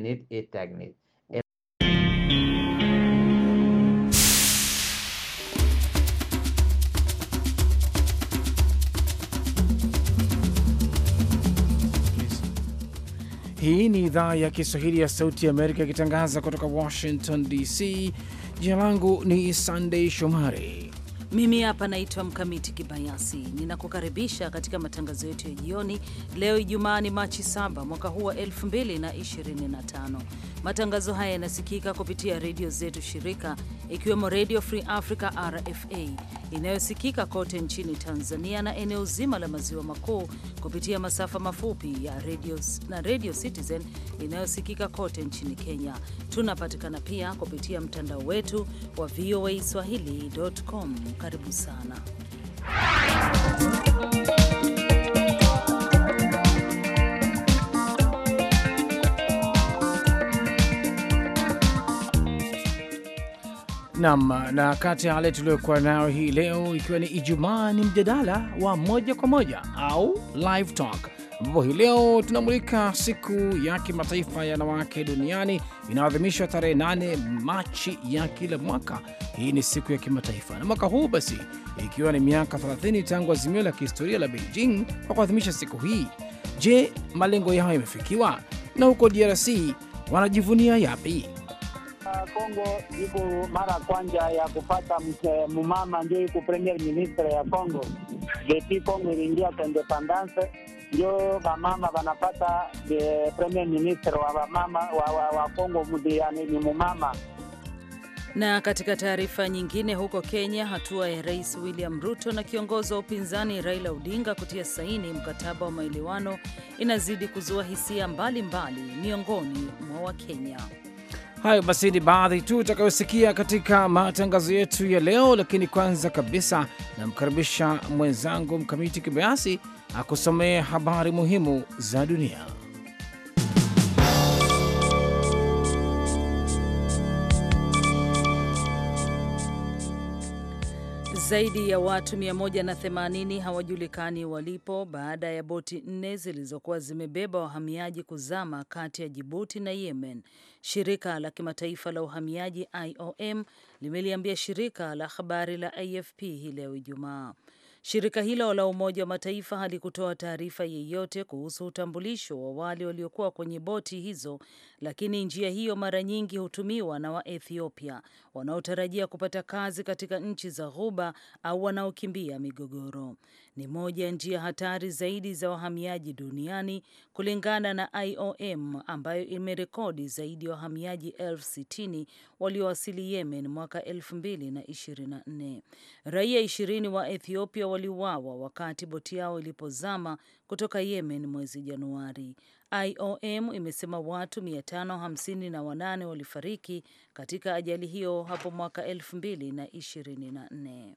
Net er et Tagnet. Hii ni idhaa ya Kiswahili ya Sauti ya Amerika ikitangaza kutoka Washington DC. Jina langu ni Sunday Shomari mimi hapa naitwa Mkamiti Kibayasi, ninakukaribisha katika matangazo yetu ya jioni leo. Ijumaa ni Machi 7 mwaka huu wa 2025. Matangazo haya yanasikika kupitia redio zetu shirika, ikiwemo Redio Free Africa RFA inayosikika kote nchini Tanzania na eneo zima la maziwa makuu kupitia masafa mafupi ya radio, na Radio Citizen inayosikika kote nchini Kenya. Tunapatikana pia kupitia mtandao wetu wa VOA swahili.com. Karibu sana Nam, na kati ya hale tuliyokuwa nayo hii leo, ikiwa ni Ijumaa, ni mjadala wa moja kwa moja au live talk, ambapo hii leo tunamulika siku ya kimataifa ya wanawake duniani inayoadhimishwa tarehe 8 Machi ya kila mwaka. Hii ni siku ya kimataifa, na mwaka huu basi ikiwa ni miaka 30 tangu azimio la kihistoria la Beijing kwa kuadhimisha siku hii. Je, malengo yao yamefikiwa? Na huko DRC wanajivunia yapi? Kongo iko mara kwanja ya kupata mumama, ndio iko premier minister ya Kongo depuis Kongo iliingia kwa independence, ndio bamama banapata premier minister wa bamama wa, wa, wa Kongo yani ni mumama. Na katika taarifa nyingine, huko Kenya, hatua ya Rais William Ruto na kiongozi wa upinzani Raila Odinga kutia saini mkataba wa maelewano inazidi kuzua hisia mbalimbali miongoni mwa Wakenya. Hayo basi ni baadhi tu utakayosikia katika matangazo yetu ya leo, lakini kwanza kabisa namkaribisha mwenzangu Mkamiti Kibayasi akusomee habari muhimu za dunia. Zaidi ya watu 180 hawajulikani walipo baada ya boti nne zilizokuwa zimebeba wahamiaji kuzama kati ya Jibuti na Yemen Shirika la kimataifa la uhamiaji IOM limeliambia shirika la habari la AFP hii leo Ijumaa. Shirika hilo la Umoja wa Mataifa halikutoa taarifa yeyote kuhusu utambulisho wa wale waliokuwa kwenye boti hizo lakini njia hiyo mara nyingi hutumiwa na Waethiopia wanaotarajia kupata kazi katika nchi za Ghuba au wanaokimbia migogoro. Ni moja ya njia hatari zaidi za wahamiaji duniani kulingana na IOM ambayo imerekodi zaidi ya wahamiaji elfu sitini waliowasili Yemen mwaka 2024. Raia ishirini wa Ethiopia waliuawa wakati boti yao ilipozama kutoka Yemen mwezi Januari. IOM imesema watu 558 walifariki katika ajali hiyo hapo mwaka 2024.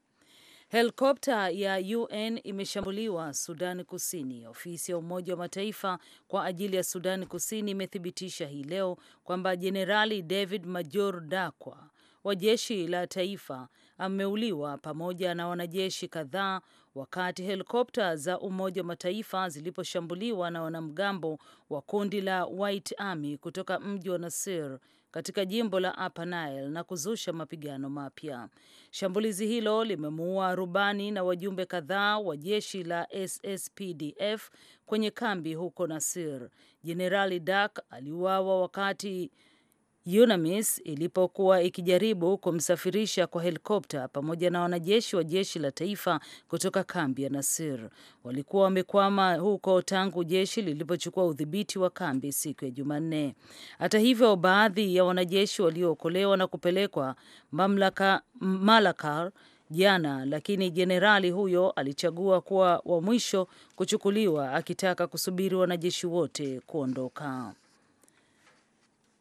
Helikopta ya UN imeshambuliwa Sudani Kusini. Ofisi ya Umoja wa Mataifa kwa ajili ya Sudani Kusini imethibitisha hii leo kwamba Jenerali David Major Dakwa wa jeshi la taifa ameuliwa pamoja na wanajeshi kadhaa wakati helikopta za Umoja wa Mataifa ziliposhambuliwa na wanamgambo wa kundi la White Army kutoka mji wa Nasir katika jimbo la Upper Nile na kuzusha mapigano mapya. Shambulizi hilo limemuua rubani na wajumbe kadhaa wa jeshi la SSPDF kwenye kambi huko Nasir. Jenerali Dak aliuawa wakati UNAMIS ilipokuwa ikijaribu kumsafirisha kwa helikopta pamoja na wanajeshi wa jeshi la taifa kutoka kambi ya Nasir. Walikuwa wamekwama huko tangu jeshi lilipochukua udhibiti wa kambi siku ya Jumanne. Hata hivyo, baadhi ya wanajeshi waliookolewa na kupelekwa mamlaka Malakar jana lakini jenerali huyo alichagua kuwa wa mwisho kuchukuliwa akitaka kusubiri wanajeshi wote kuondoka.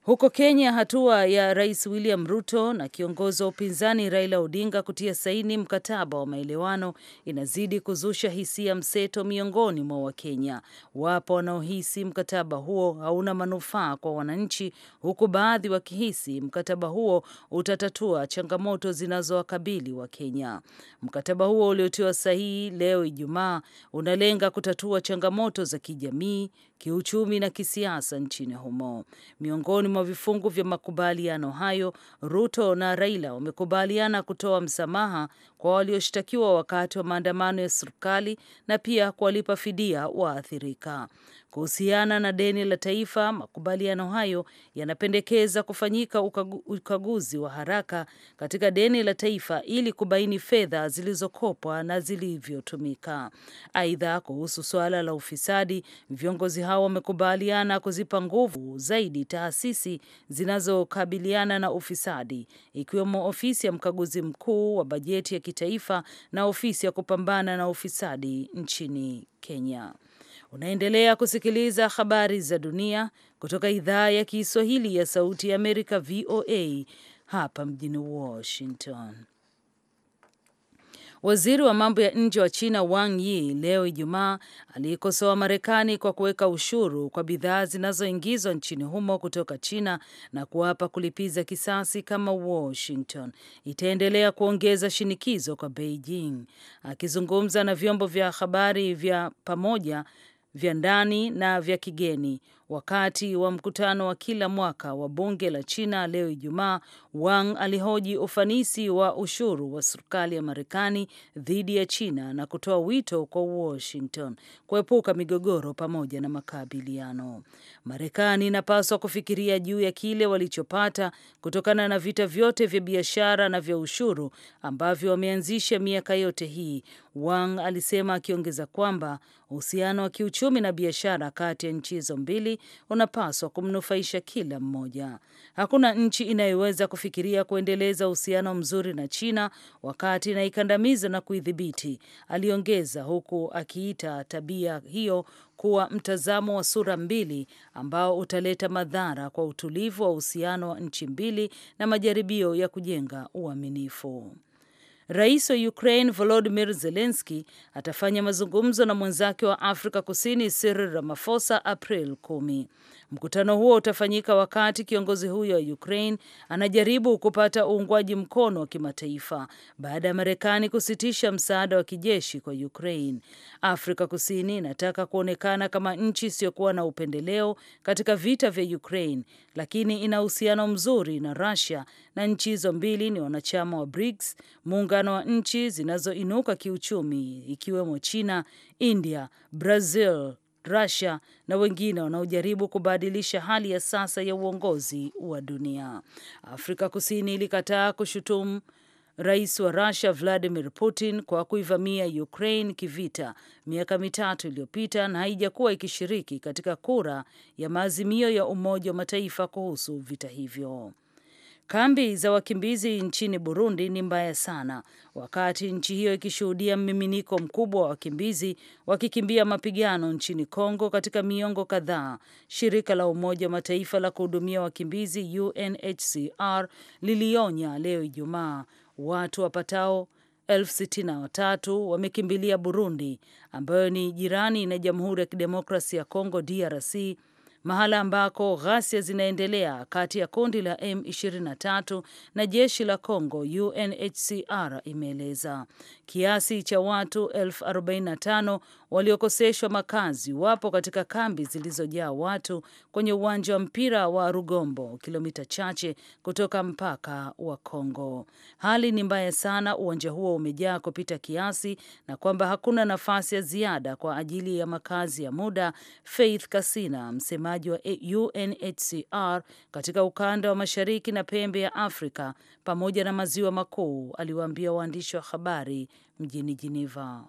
Huko Kenya, hatua ya Rais William Ruto na kiongozi wa upinzani Raila Odinga kutia saini mkataba wa maelewano inazidi kuzusha hisia mseto miongoni mwa Wakenya. Wapo wanaohisi mkataba huo hauna manufaa kwa wananchi, huku baadhi wakihisi mkataba huo utatatua changamoto zinazowakabili Wakenya. Mkataba huo uliotiwa sahihi leo Ijumaa unalenga kutatua changamoto za kijamii, kiuchumi na kisiasa nchini humo. Miongoni mwa vifungu vya makubaliano hayo, Ruto na Raila wamekubaliana kutoa msamaha kwa walioshtakiwa wakati wa maandamano ya serikali na pia kuwalipa fidia waathirika. Kuhusiana na deni la taifa, makubaliano hayo yanapendekeza kufanyika ukaguzi wa haraka katika deni la taifa ili kubaini fedha zilizokopwa na zilivyotumika. Aidha, kuhusu suala la ufisadi, viongozi hao wamekubaliana kuzipa nguvu zaidi taasisi zinazokabiliana na ufisadi, ikiwemo ofisi ya mkaguzi mkuu wa bajeti ya kitaifa na ofisi ya kupambana na ufisadi nchini Kenya. Unaendelea kusikiliza habari za dunia kutoka idhaa ya Kiswahili ya Sauti ya Amerika, VOA, hapa mjini Washington. Waziri wa mambo ya nje wa China Wang Yi leo Ijumaa aliikosoa Marekani kwa kuweka ushuru kwa bidhaa zinazoingizwa nchini humo kutoka China na kuapa kulipiza kisasi kama Washington itaendelea kuongeza shinikizo kwa Beijing. Akizungumza na vyombo vya habari vya pamoja vya ndani na vya kigeni Wakati wa mkutano wa kila mwaka wa bunge la China leo Ijumaa, Wang alihoji ufanisi wa ushuru wa serikali ya Marekani dhidi ya China na kutoa wito kwa Washington kuepuka migogoro pamoja na makabiliano. Marekani inapaswa kufikiria juu ya kile walichopata kutokana na vita vyote vya biashara na vya ushuru ambavyo wameanzisha miaka yote hii, Wang alisema, akiongeza kwamba uhusiano wa kiuchumi na biashara kati ya nchi hizo mbili unapaswa kumnufaisha kila mmoja. Hakuna nchi inayoweza kufikiria kuendeleza uhusiano mzuri na China wakati inaikandamiza na kuidhibiti, aliongeza, huku akiita tabia hiyo kuwa mtazamo wa sura mbili ambao utaleta madhara kwa utulivu wa uhusiano wa nchi mbili na majaribio ya kujenga uaminifu. Rais wa Ukraine volodimir zelenski atafanya mazungumzo na mwenzake wa Afrika Kusini Siril ramafosa April kumi. Mkutano huo utafanyika wakati kiongozi huyo wa Ukraine anajaribu kupata uungwaji mkono wa kimataifa baada ya Marekani kusitisha msaada wa kijeshi kwa Ukraine. Afrika Kusini inataka kuonekana kama nchi isiyokuwa na upendeleo katika vita vya Ukraine, lakini ina uhusiano mzuri na Russia na nchi hizo mbili ni wanachama wa BRICS, muungano wa nchi zinazoinuka kiuchumi ikiwemo China, India, Brazil, Russia na wengine wanaojaribu kubadilisha hali ya sasa ya uongozi wa dunia. Afrika Kusini ilikataa kushutumu Rais wa Russia Vladimir Putin kwa kuivamia Ukraine kivita miaka mitatu iliyopita na haijakuwa ikishiriki katika kura ya maazimio ya Umoja wa Mataifa kuhusu vita hivyo. Kambi za wakimbizi nchini Burundi ni mbaya sana, wakati nchi hiyo ikishuhudia mmiminiko mkubwa wa wakimbizi wakikimbia mapigano nchini Kongo katika miongo kadhaa. Shirika la Umoja wa Mataifa la kuhudumia wakimbizi UNHCR lilionya leo Ijumaa watu wapatao elfu sitini na wamekimbilia Burundi, ambayo ni jirani na Jamhuri ya Kidemokrasi ya Kongo DRC mahala ambako ghasia zinaendelea kati ya kundi la M23 na jeshi la Congo, UNHCR imeeleza. Kiasi cha watu 45 waliokoseshwa makazi wapo katika kambi zilizojaa watu kwenye uwanja wa mpira wa Rugombo, kilomita chache kutoka mpaka wa Kongo. Hali ni mbaya sana, uwanja huo umejaa kupita kiasi na kwamba hakuna nafasi ya ziada kwa ajili ya makazi ya muda. Faith Kasina, msemaji wa UNHCR katika ukanda wa mashariki na pembe ya Afrika pamoja na maziwa makuu, aliwaambia waandishi wa habari mjini jineva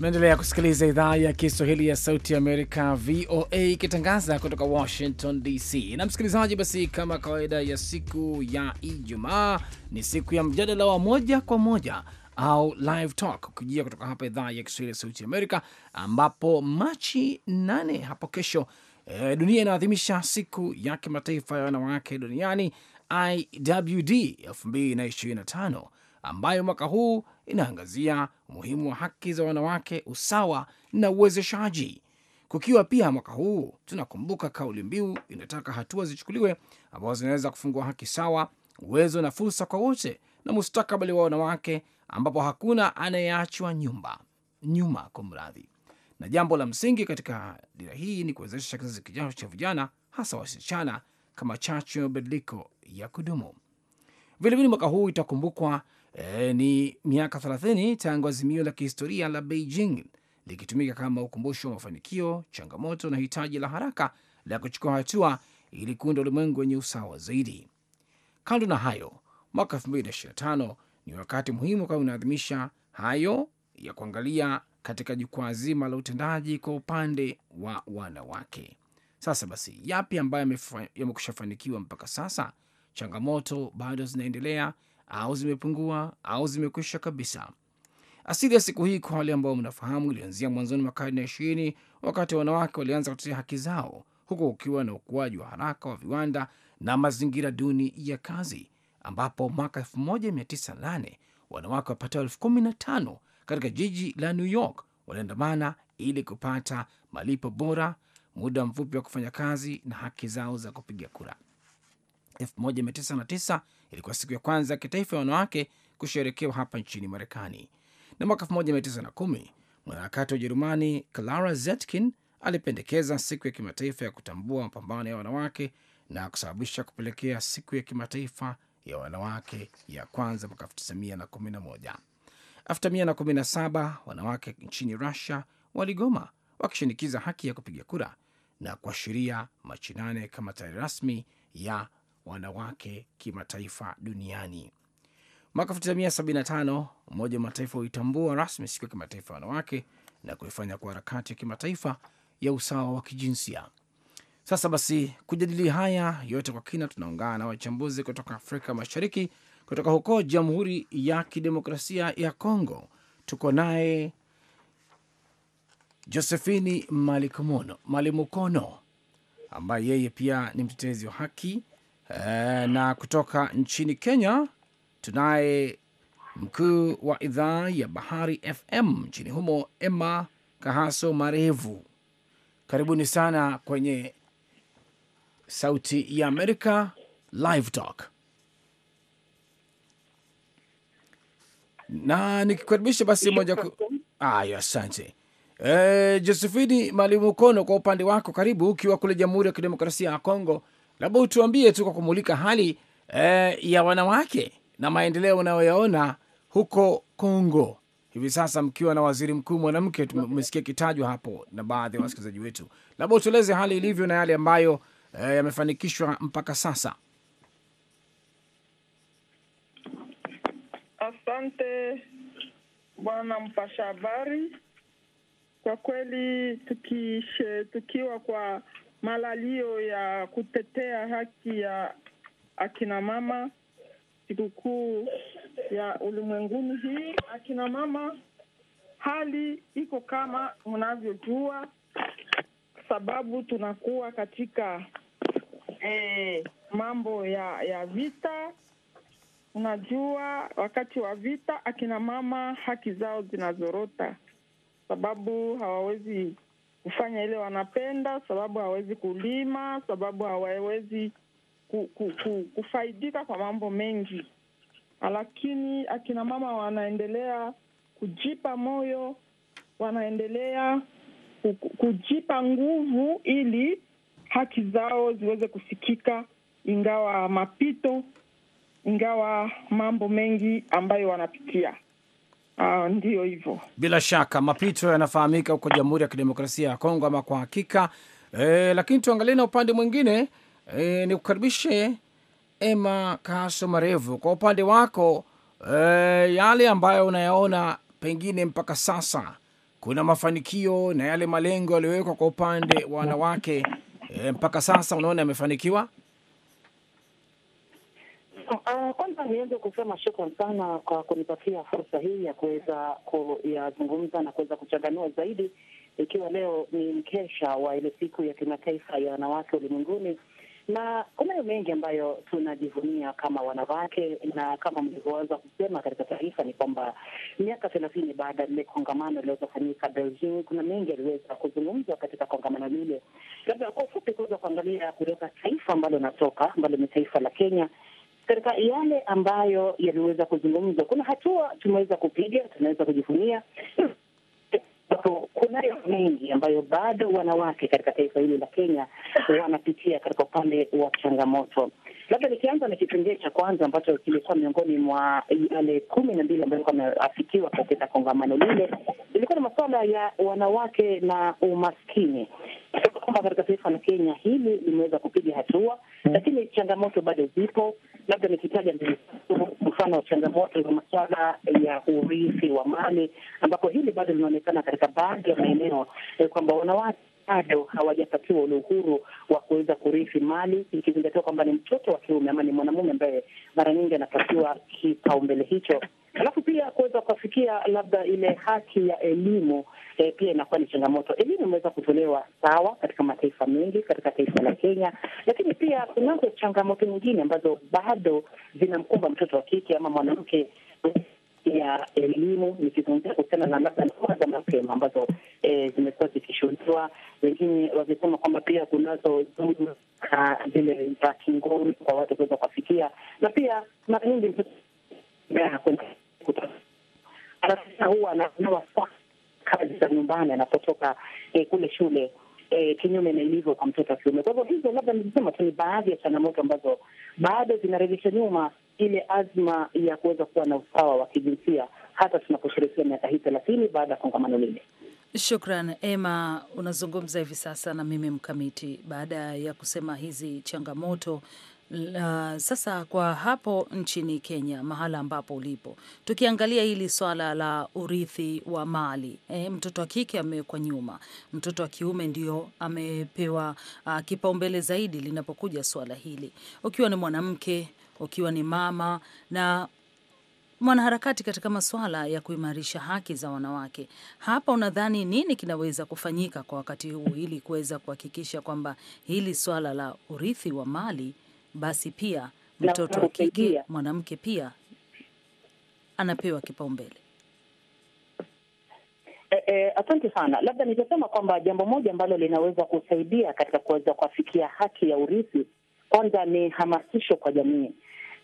Naendelea kusikiliza idhaa ya Kiswahili ya Sauti Amerika, VOA, ikitangaza kutoka Washington DC. Na msikilizaji, basi kama kawaida ya siku ya Ijumaa ni siku ya mjadala wa moja kwa moja au live talk ukijia kutoka hapa idhaa ya Kiswahili ya Sauti Amerika, ambapo Machi nane hapo kesho, e, dunia inaadhimisha siku ya kimataifa ya wanawake duniani IWD 225 ambayo mwaka huu inaangazia umuhimu wa haki za wanawake, usawa na uwezeshaji, kukiwa pia mwaka huu tunakumbuka kauli mbiu inataka hatua zichukuliwe ambazo zinaweza kufungua haki sawa, uwezo na fursa kwa wote na mustakabali wa wanawake, ambapo hakuna anayeachwa nyumba nyuma kwa mradhi. Na jambo la msingi katika dira hii ni kuwezesha kizazi kijacho cha vijana, hasa wasichana, kama chachu ya mabadiliko ya kudumu. Vilevile mwaka huu itakumbukwa E, ni miaka 30 tangu azimio la kihistoria la Beijing likitumika kama ukumbusho wa mafanikio, changamoto na hitaji la haraka la kuchukua hatua ili kuunda ulimwengu wenye usawa zaidi. Kando na hayo, mwaka 2025 ni wakati muhimu kwa unaadhimisha hayo ya kuangalia katika jukwaa zima la utendaji kwa upande wa wanawake. Sasa basi, yapi ambayo yamekusha fanikiwa mpaka sasa? Changamoto bado zinaendelea, au zimepungua au zimekwisha kabisa. Asili ya siku hii kwa wale ambao mnafahamu, ilianzia mwanzoni mwa karne ya ishirini wakati wanawake walianza kutetea haki zao, huku ukiwa na ukuaji wa haraka wa viwanda na mazingira duni ya kazi, ambapo mwaka 1908 wanawake wapatao elfu kumi na tano katika jiji la New York waliandamana ili kupata malipo bora, muda mfupi wa kufanya kazi na haki zao za kupiga kura. 1999 ilikuwa siku ya kwanza ya kitaifa ya wanawake kusherekewa hapa nchini Marekani. Na mwaka 1910 mwanaharakati wa Ujerumani Clara Zetkin alipendekeza siku ya kimataifa ya kutambua mapambano ya wanawake na kusababisha kupelekea siku ya kimataifa ya wanawake ya kwanza mwaka 1911. 1917 wanawake nchini Russia waligoma wakishinikiza haki ya kupiga kura na kuashiria Machi nane kama tarehe rasmi ya wanawake kimataifa duniani. Mwaka 1975 Umoja wa Mataifa huitambua rasmi siku ya kimataifa ya wanawake na kuifanya kwa harakati ya kimataifa ya usawa wa kijinsia. Sasa basi, kujadili haya yote kwa kina, tunaungana na wachambuzi kutoka Afrika Mashariki. Kutoka huko Jamhuri ya Kidemokrasia ya Kongo tuko naye Josephini malimukono ambaye yeye pia ni mtetezi wa haki Eh, na kutoka nchini Kenya tunaye mkuu wa idhaa ya Bahari FM nchini humo Emma Kahaso Marevu, karibuni sana kwenye Sauti ya Amerika Live Talk, na nikikaribisha basi moja ku... Aya, asante e, eh, Josephini Mwalimu Kono, kwa upande wako, karibu ukiwa kule Jamhuri ya Kidemokrasia ya Kongo labda utuambie tu kwa kumulika hali eh, ya wanawake na maendeleo unayoyaona huko Kongo hivi sasa, mkiwa na waziri mkuu mwanamke, tumesikia kitajwa hapo na baadhi ya wasikilizaji wetu, labda utueleze hali ilivyo na yale ambayo eh, yamefanikishwa mpaka sasa. Asante bwana mpasha habari. Kwa kweli tukiwa kwa malalio ya kutetea haki ya akina mama sikukuu ya ulimwenguni hii. Akina mama, hali iko kama mnavyojua, sababu tunakuwa katika eh, mambo ya ya vita. Unajua, wakati wa vita akina mama haki zao zinazorota, sababu hawawezi kufanya ile wanapenda, sababu hawawezi kulima, sababu hawawezi ku, ku, ku, kufaidika kwa mambo mengi, lakini akina mama wanaendelea kujipa moyo, wanaendelea kujipa nguvu ili haki zao ziweze kusikika, ingawa mapito, ingawa mambo mengi ambayo wanapitia. Ah, ndio ndiyo hivyo. Bila shaka mapito yanafahamika huko Jamhuri ya Kidemokrasia ya Kongo ama kwa hakika e, lakini tuangalie na upande mwingine e, eh, ni kukaribishe ema Kaso Marevu, kwa upande wako e, yale ambayo unayaona pengine mpaka sasa kuna mafanikio na yale malengo yaliyowekwa kwa upande wa wanawake e, mpaka sasa unaona yamefanikiwa? Ah, kwanza nianze kusema shukran sana kwa kunipatia fursa hii ya kuweza kuyazungumza na kuweza kuchanganua zaidi, ikiwa leo ni mkesha wa ile siku ya kimataifa ya wanawake ulimwenguni, na kunayo mengi ambayo tunajivunia kama wanawake, na kama mlivyoanza kusema katika taarifa ni kwamba miaka thelathini baada ya lile kongamano iliweza kufanyika Beijing, kuna mengi yaliweza kuzungumzwa katika kongamano lile. Labda kwa ufupi, kuweza kuangalia kutoka taifa ambalo natoka ambalo ni taifa la Kenya katika yale ambayo yaliweza kuzungumzwa, kuna hatua tumeweza kupiga, tunaweza kujivunia ambapo kunayo mengi ambayo bado wanawake katika taifa hili la Kenya wanapitia katika upande wa changamoto. Labda nikianza na kipengee cha kwanza ambacho kilikuwa miongoni mwa yale kumi na mbili ambayo ilikuwa katika kongamano lile, ilikuwa ni masuala ya wanawake na umaskini kwamba katika taifa la Kenya hili limeweza kupiga hatua, lakini changamoto bado zipo, labda nikitaja mfano wa changamoto za masuala ya urithi wa mali, ambapo hili bado linaonekana katika baadhi ya maeneo eh, kwamba wanawake bado hawajapatiwa ule uhuru wa kuweza kurithi mali, ikizingatiwa kwamba ni mtoto wa kiume ama ni mwanamume ambaye mara nyingi anapatiwa kipaumbele hicho, alafu pia kuweza kuwafikia labda ile haki ya elimu eh, pia inakuwa ni changamoto. Elimu imeweza kutolewa sawa katika mataifa mengi, katika taifa la Kenya, lakini pia kunazo changamoto nyingine ambazo bado zinamkumba mtoto wa kike ama mwanamke ya elimu nikizungumzia kuhusiana na labda ndoa za mapema ambazo eh, zimekuwa zikishuhudiwa. Wengine wakisema kwamba pia kunazo dhuluma zile za kingono kwa watu kuweza kuwafikia, na pia mara nyingi huwa ananawa kazi za nyumbani anapotoka eh, kule shule eh, kinyume na ilivyo kwa mtoto wa kiume. Kwa hivyo hizo labda nilisema tu ni baadhi ya changamoto ambazo bado zinarejesha nyuma ile azma ya kuweza kuwa na usawa wa kijinsia hata tunaposherekea miaka hii thelathini baada ya kongamano lile. Shukran Emma, unazungumza hivi sasa na mimi Mkamiti, baada ya kusema hizi changamoto la, sasa kwa hapo nchini Kenya mahala ambapo ulipo, tukiangalia hili swala la urithi wa mali e, mtoto wa kike amewekwa nyuma, mtoto wa kiume ndio amepewa ah, kipaumbele zaidi linapokuja swala hili, ukiwa ni mwanamke, ukiwa ni mama na mwanaharakati katika masuala ya kuimarisha haki za wanawake. Hapa unadhani nini kinaweza kufanyika kwa wakati huu ili kuweza kuhakikisha kwamba hili swala la urithi wa mali basi pia mtoto wa kike mwanamke pia anapewa kipaumbele. E, e, asante sana. Labda nitasema kwamba jambo moja ambalo linaweza kusaidia katika kuweza kuafikia haki ya urithi, kwanza ni hamasisho kwa jamii.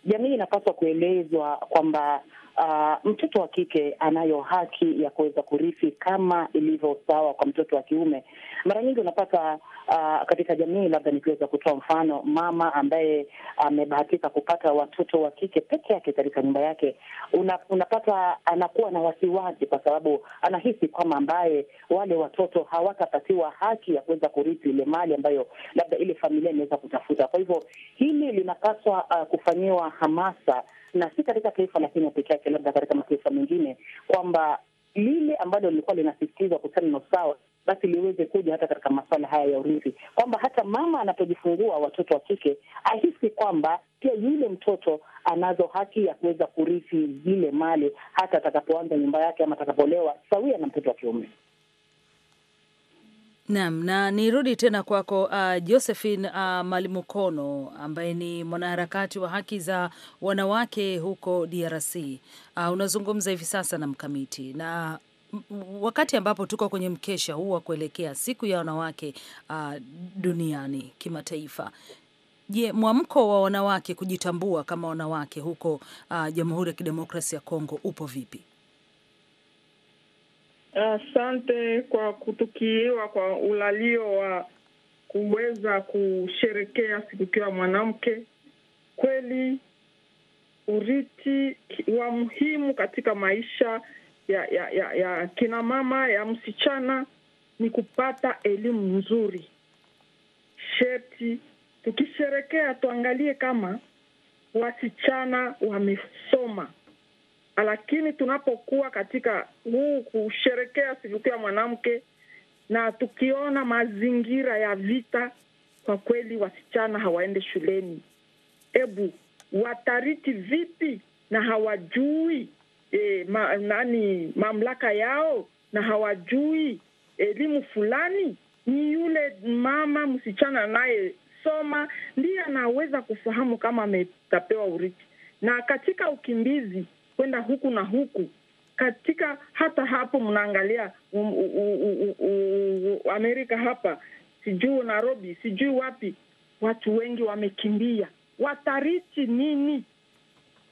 Jamii inapaswa kuelezwa kwamba uh, mtoto wa kike anayo haki ya kuweza kurithi kama ilivyo sawa kwa mtoto wa kiume. Mara nyingi unapata uh, katika jamii, labda nikiweza kutoa mfano, mama ambaye amebahatika kupata watoto wa kike peke yake katika nyumba yake, una, unapata anakuwa na wasiwasi, kwa sababu anahisi kwamba ambaye wale watoto hawatapatiwa haki ya kuweza kurithi ile mali ambayo labda ile familia imeweza kutafuta. Kwa hivyo hili linapaswa uh, kufanyiwa hamasa na si katika taifa la Kenya peke yake, labda katika mataifa mengine, kwamba lile ambalo lilikuwa linasisitizwa kuhusiana na usawa basi liweze kuja hata katika masuala haya ya urithi, kwamba hata mama anapojifungua watoto wa kike ahisi kwamba pia yule mtoto anazo haki ya kuweza kurithi zile mali hata atakapoanza nyumba yake ama atakapolewa, sawia na mtoto wa kiume. Naam, na nirudi tena kwako uh, Josephine uh, Malimukono ambaye ni mwanaharakati wa haki za wanawake huko DRC. Uh, unazungumza hivi sasa na mkamiti na wakati ambapo tuko kwenye mkesha huu wa kuelekea siku ya wanawake uh, duniani kimataifa. Je, mwamko wa wanawake kujitambua kama wanawake huko uh, Jamhuri ya Kidemokrasia ya Kongo upo vipi? Asante kwa kutukiiwa kwa ulalio wa kuweza kusherekea sikukuu ya mwanamke. Kweli urithi wa muhimu katika maisha ya ya, ya, ya kina mama ya msichana ni kupata elimu nzuri. Sheti tukisherekea tuangalie kama wasichana wamesoma lakini tunapokuwa katika huu kusherekea sikukuu ya mwanamke na tukiona mazingira ya vita, kwa kweli wasichana hawaende shuleni. Ebu watariti vipi na hawajui e, ma, nani mamlaka yao na hawajui elimu fulani? Ni yule mama msichana anayesoma ndiye anaweza kufahamu kama ametapewa urithi. Na katika ukimbizi kwenda huku na huku katika hata hapo mnaangalia Amerika hapa, sijui Nairobi, sijui wapi, watu wengi wamekimbia. Watarithi nini?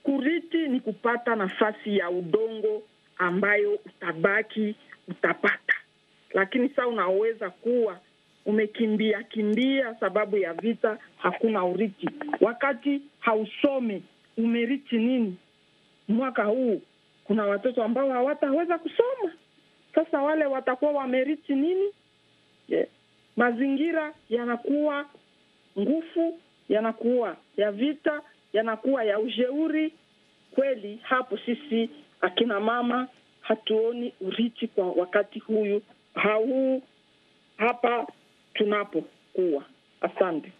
Kurithi ni kupata nafasi ya udongo ambayo utabaki utapata, lakini saa unaweza kuwa umekimbia kimbia sababu ya vita, hakuna urithi. Wakati hausome umerithi nini? mwaka huu kuna watoto ambao hawataweza kusoma. Sasa wale watakuwa wamerithi nini? Yeah. Mazingira yanakuwa ngufu, yanakuwa ya vita, yanakuwa ya ujeuri. Kweli hapo sisi akina mama hatuoni urithi kwa wakati huyu hau hapa tunapokuwa. Asante,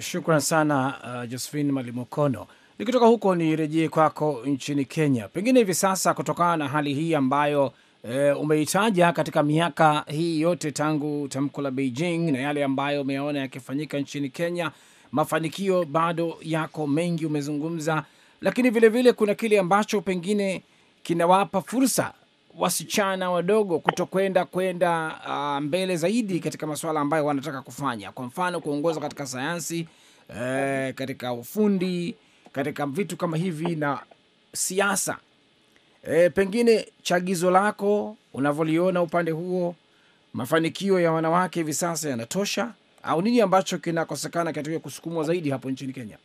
shukran sana uh, Josephine Malimokono. Nikitoka huko nirejee kwako nchini Kenya, pengine hivi sasa kutokana na hali hii ambayo e, umeitaja katika miaka hii yote tangu tamko la Beijing na yale ambayo umeyaona yakifanyika nchini Kenya, mafanikio bado yako mengi, umezungumza, lakini vilevile vile kuna kile ambacho pengine kinawapa fursa wasichana wadogo kutokwenda kwenda uh, mbele zaidi katika masuala ambayo wanataka kufanya, kwa mfano kuongoza katika sayansi, eh, katika ufundi katika vitu kama hivi na siasa. E, pengine chagizo lako unavyoliona upande huo, mafanikio ya wanawake hivi sasa yanatosha, au nini ambacho kinakosekana katika kusukumwa zaidi hapo nchini Kenya?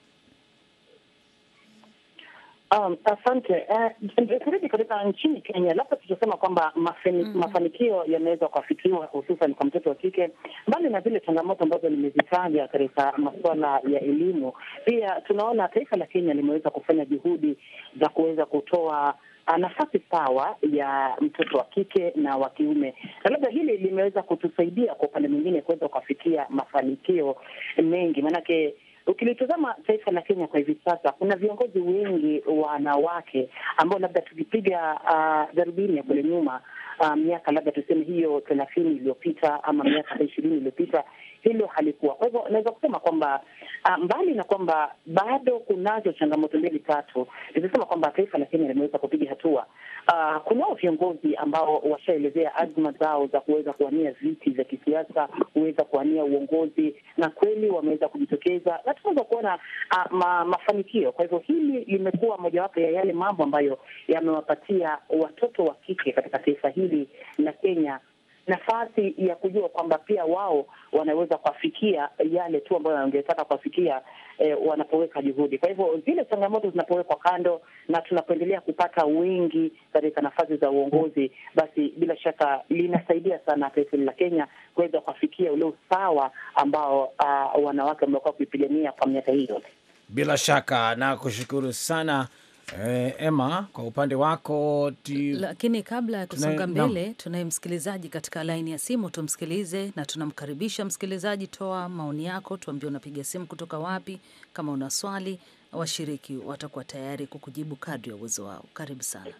Um, asante uh, katika nchini Kenya, labda tutasema kwamba mm. mafanikio mm -hmm. kuafikiwa hususan kwa mtoto wa kike, mbali na zile changamoto ambazo nimezitaja katika masuala ya elimu. Pia tunaona taifa la Kenya limeweza kufanya juhudi za kuweza kutoa ah, nafasi sawa ya mtoto wa kike na wa kiume, na labda hili limeweza kutusaidia kwa upande mwingine kuweza kuafikia mafanikio mengi maanake Ukilitazama taifa la Kenya kwa hivi sasa, kuna viongozi wengi wanawake ambao labda tukipiga uh, darubini uh, ya kule nyuma uh, miaka labda tuseme hiyo thelathini iliyopita ama miaka ishirini iliyopita hilo halikuwa. Kwa hivyo naweza kusema kwamba ah, mbali na kwamba bado kunazo changamoto mbili tatu, nizasema kwamba taifa la Kenya limeweza kupiga hatua. Uh, kunao viongozi ambao washaelezea azma zao za kuweza kuwania viti vya kisiasa, kuweza kuwania uongozi, na kweli wameweza kujitokeza na tunaweza kuona uh, ma, mafanikio. Kwa hivyo hili limekuwa mojawapo ya yale mambo ambayo yamewapatia watoto wa kike katika taifa hili la Kenya nafasi ya kujua kwamba pia wao wanaweza kuafikia yale tu ambayo wangetaka kuafikia eh, wanapoweka juhudi. Kwa hivyo zile changamoto zinapowekwa kando na tunapoendelea kupata wingi katika nafasi za uongozi, basi bila shaka linasaidia sana taifa la Kenya kuweza kuafikia ule usawa ambao uh, wanawake wamekuwa kuipigania kwa miaka hii yote. Bila shaka na kushukuru sana Eh, Emma, kwa upande wako ti... lakini kabla ya kusonga mbele, tunaye msikilizaji katika laini ya simu, tumsikilize na tunamkaribisha msikilizaji. Toa maoni yako, tuambie unapiga simu kutoka wapi, kama una swali. Washiriki watakuwa tayari kukujibu kadri ya uwezo wao. Karibu sana.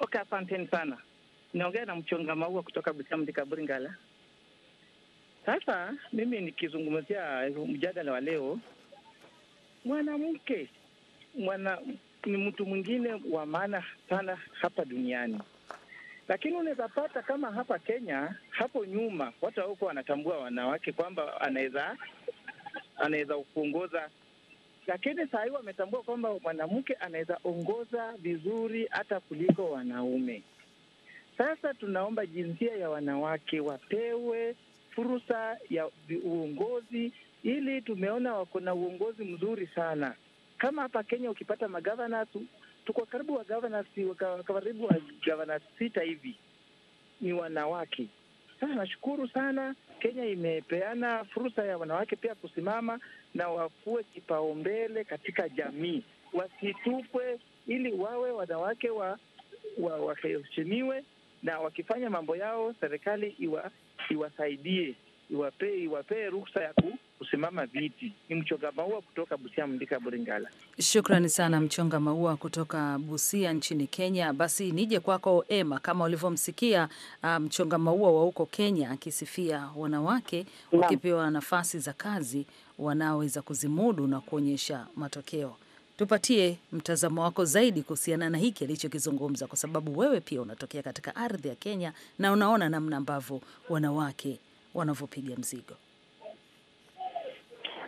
Okay, asanteni sana. Naongea na mchonga maua kutoka Busamdi Kaburingala. Sasa mimi nikizungumzia mjadala wa leo, mwanamke mwana ni mtu mwingine wa maana sana hapa duniani, lakini unaweza pata kama hapa Kenya hapo nyuma watu hawakuwa wanatambua wanawake kwamba anaweza anaweza kuongoza, lakini saa hii wametambua kwamba mwanamke anaweza ongoza vizuri hata kuliko wanaume. Sasa tunaomba jinsia ya wanawake wapewe fursa ya uongozi, ili tumeona wako na uongozi mzuri sana kama hapa Kenya ukipata magavana tu, tuko karibu wa governors, karibu wa governors sita hivi ni wanawake. Sasa nashukuru sana Kenya imepeana fursa ya wanawake pia kusimama na wafue kipaumbele katika jamii, wasitupwe, ili wawe wanawake wa, wa waheshimiwe, na wakifanya mambo yao serikali iwa, iwasaidie iwapee iwapee ruksa ya ku kusimama viti. Ni Mchonga Maua kutoka Busia, Mndika Buringala. Shukrani sana Mchonga Maua kutoka Busia nchini Kenya. Basi nije kwako Ema, kama ulivyomsikia ah, Mchonga Maua wa huko Kenya akisifia wanawake wakipewa nafasi za kazi wanaoweza kuzimudu na kuonyesha matokeo. Tupatie mtazamo wako zaidi kuhusiana na hiki alichokizungumza, kwa sababu wewe pia unatokea katika ardhi ya Kenya na unaona namna ambavyo wanawake wanavyopiga mzigo.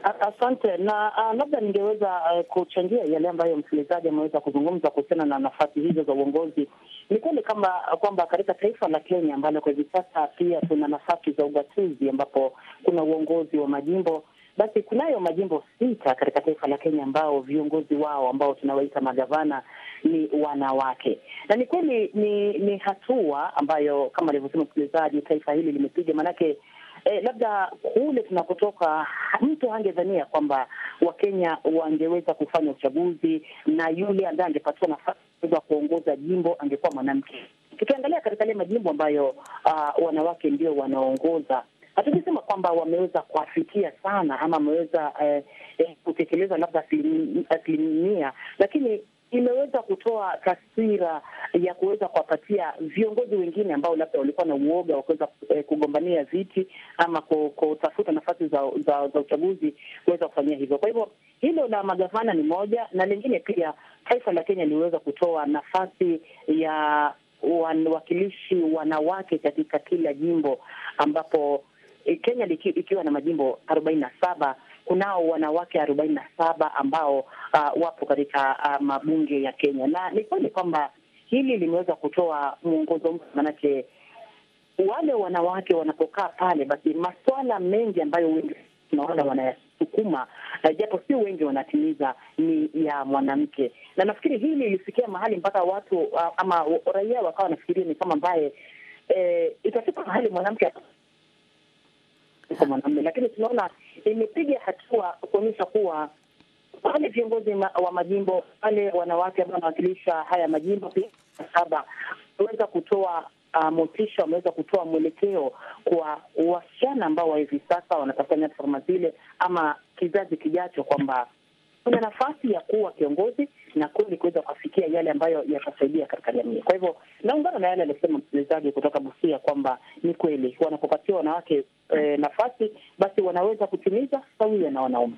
Asante na labda ningeweza uh, kuchangia yale ambayo msikilizaji ameweza kuzungumza kuhusiana na nafasi hizo za uongozi. Ni kweli kama kwamba katika taifa la Kenya ambalo kwa hivi sasa pia tuna nafasi za ugatuzi ambapo kuna uongozi wa majimbo, basi kunayo majimbo sita katika taifa la Kenya ambao viongozi wao ambao tunawaita magavana ni wanawake, na ni kweli ni, ni hatua ambayo kama alivyosema msikilizaji, taifa hili limepiga maanake eh, labda kule tunakotoka mtu angedhania kwamba Wakenya wangeweza kufanya uchaguzi na yule ambaye angepatiwa nafasi za kuongoza jimbo angekuwa mwanamke. Tukiangalia katika yale majimbo ambayo uh, wanawake ndio wanaongoza hatukisema kwamba wameweza kuafikia sana ama wameweza eh, eh, kutekeleza labda asilimia, lakini imeweza kutoa taswira ya kuweza kuwapatia viongozi wengine ambao labda walikuwa na uoga wa kuweza eh, kugombania viti ama kutafuta nafasi za, za, za uchaguzi kuweza kufanyia hivyo. Kwa hivyo hilo la magavana ni moja, na lingine pia taifa la Kenya liliweza kutoa nafasi ya wawakilishi wanawake katika kila jimbo ambapo eh, Kenya ikiwa na majimbo arobaini na saba kunao wanawake arobaini na saba ambao uh, wapo katika uh, mabunge ya Kenya, na ni kweli kwamba hili limeweza kutoa mwongozo mpya, maanake wale wanawake wanapokaa pale, basi maswala mengi ambayo wengi tunaona wanayasukuma uh, japo si wengi wanatimiza ni ya mwanamke, na nafikiri hili ilifikia mahali mpaka watu uh, ama raia wakawa wanafikiria ni kama ambaye eh, itafika mahali mwanamke haki kwa mwanamume, lakini tunaona imepiga hatua kuonyesha kuwa wale viongozi wa majimbo, wale wanawake ambao wanawakilisha haya majimbo pia saba wameweza kutoa uh, motisha, wameweza kutoa mwelekeo kwa wasichana ambao wa hivi sasa wanapata kama zile ama kizazi kijacho kwamba kuna nafasi ya kuwa kiongozi na kweli kuweza kuafikia yale ambayo yatasaidia katika jamii. Kwa hivyo naungana na yale aliyosema msikilizaji kutoka Busia kwamba ni kweli wanapopatia wanawake e, nafasi basi wanaweza kutimiza sawia na wanaume.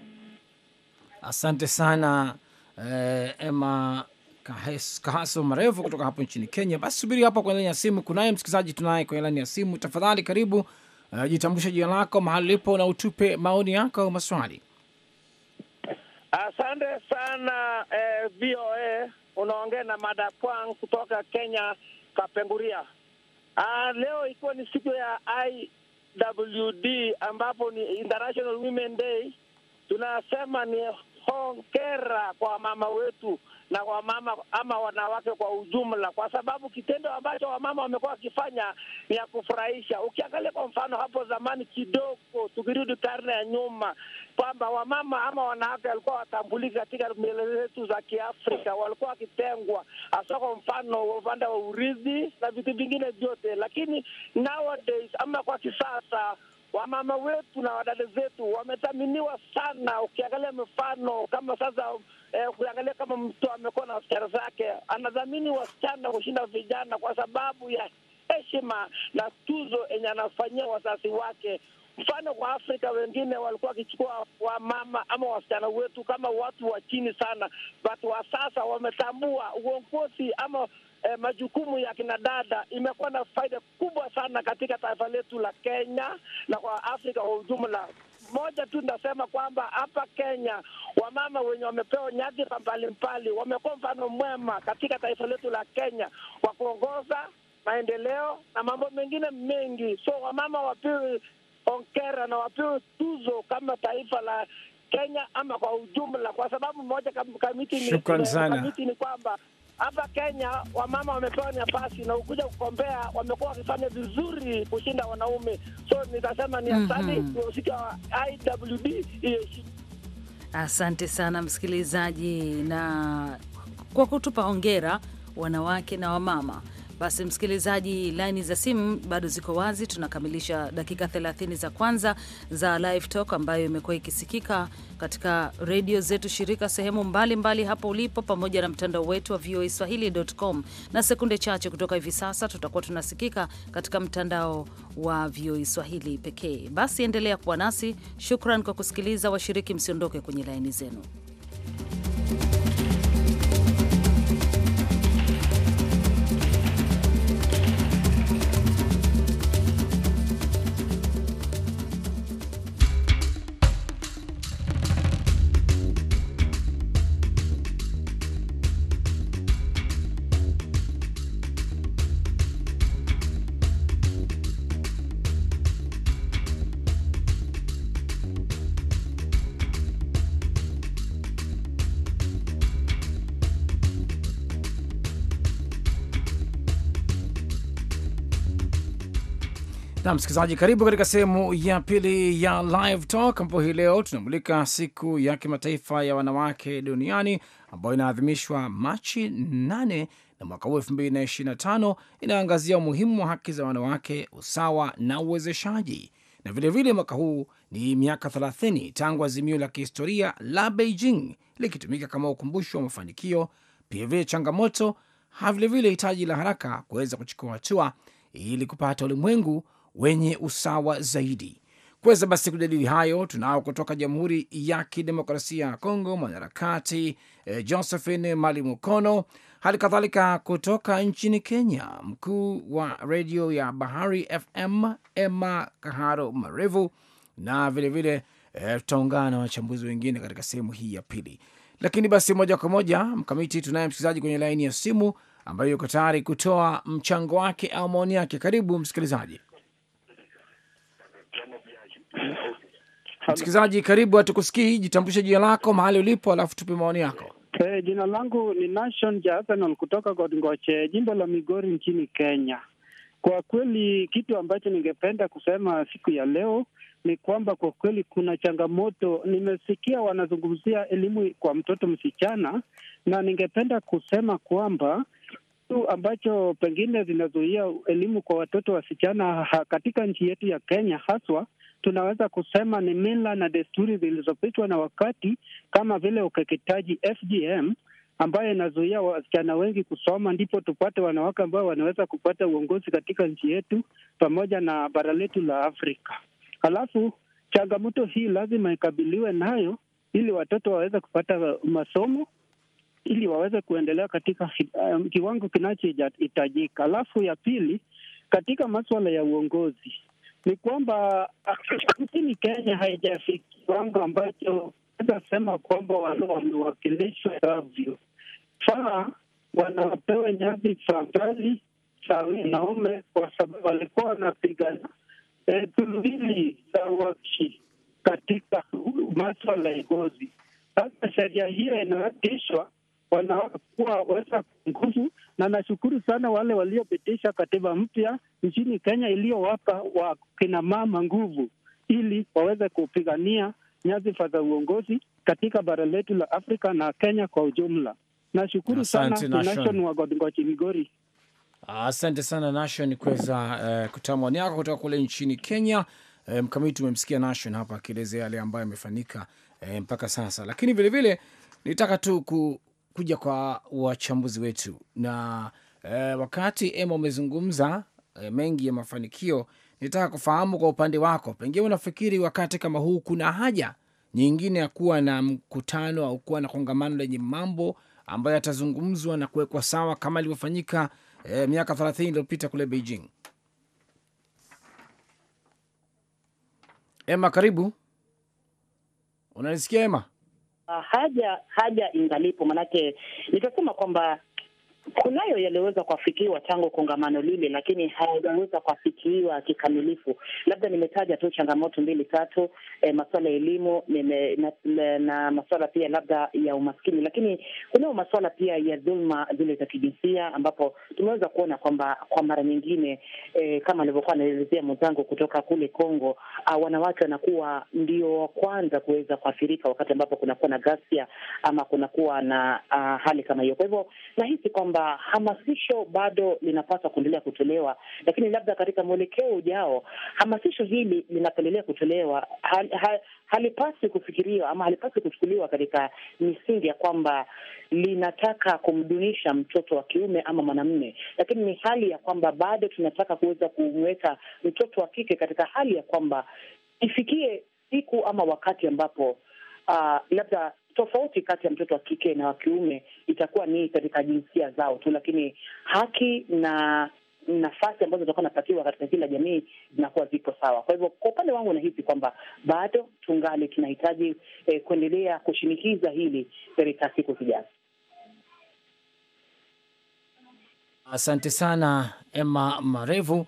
Asante sana eh, Emma Kahaso Marevu kutoka hapo nchini Kenya. Basi subiri hapo kwenye laini ya simu, kunaye msikilizaji, tunaye kwenye laini ya simu. Tafadhali karibu, uh, jitambulishe jina lako, mahali ulipo na utupe maoni yako au maswali. Asante sana eh, VOA. Unaongea na Madakwang kutoka Kenya, Kapenguria. Ah, leo ikiwa ni siku ya IWD ambapo ni International Women Day, tunasema ni hongera kwa wamama wetu na wamama mama ama wanawake kwa ujumla, kwa sababu kitendo ambacho wamama wamekuwa wakifanya ni ya kufurahisha. Ukiangalia kwa mfano hapo zamani kidogo, tukirudi karne ya nyuma, kwamba wamama ama wanawake walikuwa watambuliki katika mila zetu za Kiafrika, walikuwa wakitengwa, hasa kwa mfano upande wa urithi na vitu vingine vyote. Lakini nowadays ama kwa kisasa wamama wetu na wadada zetu wamethaminiwa sana. Ukiangalia mifano kama sasa eh, ukiangalia kama mtu amekuwa na wasichana zake, anadhamini wasichana kushinda vijana kwa sababu ya heshima na tuzo yenye anafanyia wazazi wake. Mfano kwa Afrika, wengine walikuwa wakichukua wamama ama wasichana wetu kama watu wa chini sana, watu wa sasa wametambua uongozi ama eh, majukumu ya kinadada imekuwa na faida kubwa sana katika taifa letu la Kenya na kwa Afrika kwa ujumla. Moja tu nasema kwamba hapa Kenya wamama wenye wamepewa nyadhifa mbalimbali wamekuwa mfano mwema katika taifa letu la Kenya wa kuongoza maendeleo na mambo mengine mengi. So wamama wapewe ongera na wapewe tuzo kama taifa la Kenya ama kwa ujumla, kwa sababu moja kamiti ni, kamiti ni kwamba hapa Kenya wamama wamepewa nafasi na ukuja kukombea, wamekuwa wakifanya vizuri kushinda wanaume, so nitasema ni mhm. asante wahusika wa IWD. Asante sana msikilizaji, na kwa kutupa ongera wanawake na wamama basi msikilizaji, laini za simu bado ziko wazi. Tunakamilisha dakika 30 za kwanza za live talk ambayo imekuwa ikisikika katika redio zetu shirika sehemu mbalimbali mbali hapo ulipo, pamoja na mtandao wetu wa VOA Swahili.com. Na sekunde chache kutoka hivi sasa tutakuwa tunasikika katika mtandao wa VOA Swahili pekee. Basi endelea kuwa nasi. Shukran kwa kusikiliza. Washiriki, msiondoke kwenye laini zenu. na msikilizaji, karibu katika sehemu ya pili ya Live Talk ambapo hii leo tunamulika siku ya kimataifa ya wanawake duniani ambayo inaadhimishwa Machi 8 na mwaka huu 2025. Inaangazia umuhimu wa haki za wanawake, usawa na uwezeshaji, na vilevile mwaka huu ni miaka 30 tangu azimio la kihistoria la Beijing likitumika kama ukumbusho wa mafanikio, pia vile changamoto, vilevile hitaji la haraka kuweza kuchukua hatua ili kupata ulimwengu wenye usawa zaidi. Kuweza basi kujadili hayo, tunao kutoka Jamhuri ya Kidemokrasia ya Kongo mwanaharakati eh, Josephine Malimukono, hali kadhalika kutoka nchini Kenya mkuu wa redio ya Bahari FM Emma Kaharo Marevu, na vilevile tutaungana vile, eh, na wachambuzi wengine katika sehemu hii ya pili. Lakini basi moja kwa moja mkamiti, tunaye msikilizaji kwenye laini ya simu ambayo yuko tayari kutoa mchango wake au maoni yake. Karibu msikilizaji. Msikilizaji karibu, hatukusikii. Jitambulishe jina lako, mahali ulipo, alafu tupe maoni yako. E, jina langu ni Nation Jasenal kutoka Godngoche, jimbo la Migori nchini Kenya. Kwa kweli kitu ambacho ningependa kusema siku ya leo ni kwamba kwa kweli kuna changamoto. Nimesikia wanazungumzia elimu kwa mtoto msichana, na ningependa kusema kwamba kitu ambacho pengine zinazuia elimu kwa watoto wasichana katika nchi yetu ya Kenya haswa tunaweza kusema ni mila na desturi zilizopitwa na wakati, kama vile ukeketaji FGM ambayo inazuia wasichana wengi kusoma, ndipo tupate wanawake ambao wanaweza kupata uongozi katika nchi yetu pamoja na bara letu la Afrika. Halafu changamoto hii lazima ikabiliwe nayo ili watoto waweze kupata masomo ili waweze kuendelea katika um, kiwango kinachohitajika. alafu ya pili, katika maswala ya uongozi, ni kwamba nchini Kenya haijafikia kiwango ambacho naweza sema kwamba wale wamewakilishwa avyo faa wanapewa nyasi fadhali za naume, kwa sababu walikuwa wanapigana eh, tumbili za uwakshi katika maswala ya ngozi. Sasa sheria hiyo inaratishwa wanakuwa waweza nguvu, na nashukuru sana wale waliopitisha katiba mpya nchini Kenya iliyowapa wakinamama nguvu ili waweze kupigania nyadhifa za uongozi katika bara letu la Afrika na Kenya kwa ujumla. Nashukuru sana Nation wa Godgochi Migori. Asante sana Nation kuweza uh, kutoa maoni yako kutoka kule nchini Kenya. Eh, mkamiti, umemsikia Nation hapa akielezea yale ambayo yamefanyika um, mpaka sasa, lakini vilevile nitaka tu ku kuja kwa wachambuzi wetu na e, wakati Emma umezungumza e, mengi ya mafanikio, nitaka kufahamu kwa upande wako, pengine unafikiri wakati kama huu kuna haja nyingine ya kuwa na mkutano au kuwa na kongamano lenye mambo ambayo yatazungumzwa na kuwekwa sawa kama ilivyofanyika e, miaka thelathini iliyopita kule Beijing. Emma, karibu, unanisikia Emma? haja haja ingalipo, manake nitasema kwamba kunayo yaliweza kuafikiwa tangu kongamano lile, lakini hayajaweza kuafikiwa kikamilifu. Labda nimetaja tu changamoto mbili tatu, e, eh, masuala ya elimu na, na, na pia labda ya umaskini, lakini kunayo masuala pia ya dhulma zile za kijinsia, ambapo tumeweza kuona kwamba kwa mara nyingine e, kama alivyokuwa anaelezea mwenzangu kutoka kule Kongo, ah, wanawake wanakuwa ndio wa kwanza kuweza kuathirika wakati ambapo kunakuwa na ghasia ama kunakuwa na a, ah, hali kama hiyo. Kwa hivyo nahisi kwamba kwamba hamasisho bado linapaswa kuendelea kutolewa, lakini labda katika mwelekeo ujao hamasisho hili linapendelea kutolewa hal, hal, halipaswi kufikiriwa ama halipaswi kuchukuliwa katika misingi ya kwamba linataka kumdunisha mtoto wa kiume ama mwanamume, lakini ni hali ya kwamba bado tunataka kuweza kumweka mtoto wa kike katika hali ya kwamba ifikie siku ama wakati ambapo uh, labda tofauti kati ya mtoto wa kike na wa kiume itakuwa ni katika jinsia zao tu, lakini haki na nafasi ambazo zitakuwa napatiwa katika kila jamii zinakuwa zipo sawa. Kwa hivyo kwa upande wangu nahisi kwamba bado tungali tunahitaji eh, kuendelea kushinikiza hili katika siku zijazo. Asante sana Emma Marevu.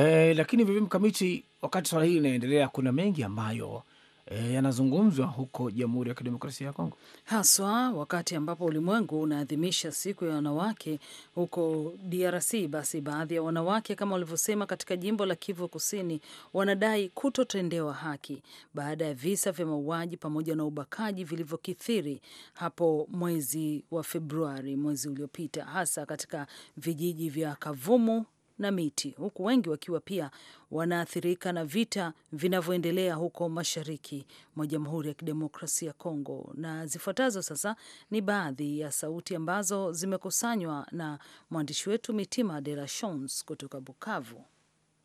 Eh, lakini vivi mkamiti, wakati swala hili linaendelea, kuna mengi ambayo Eh, yanazungumzwa huko Jamhuri ya Kidemokrasia ya Kongo, haswa wakati ambapo ulimwengu unaadhimisha siku ya wanawake huko DRC. Basi baadhi ya wanawake kama walivyosema katika jimbo la Kivu Kusini wanadai kutotendewa haki baada ya visa vya mauaji pamoja na ubakaji vilivyokithiri hapo mwezi wa Februari, mwezi uliopita, hasa katika vijiji vya Kavumu na miti, huku wengi wakiwa pia wanaathirika na vita vinavyoendelea huko mashariki mwa Jamhuri ya Kidemokrasia ya Kongo. Na zifuatazo sasa ni baadhi ya sauti ambazo zimekusanywa na mwandishi wetu Mitima De La Shons kutoka Bukavu.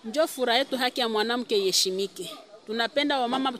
Njo furaha yetu, haki ya mwanamke iheshimike tunapenda wamama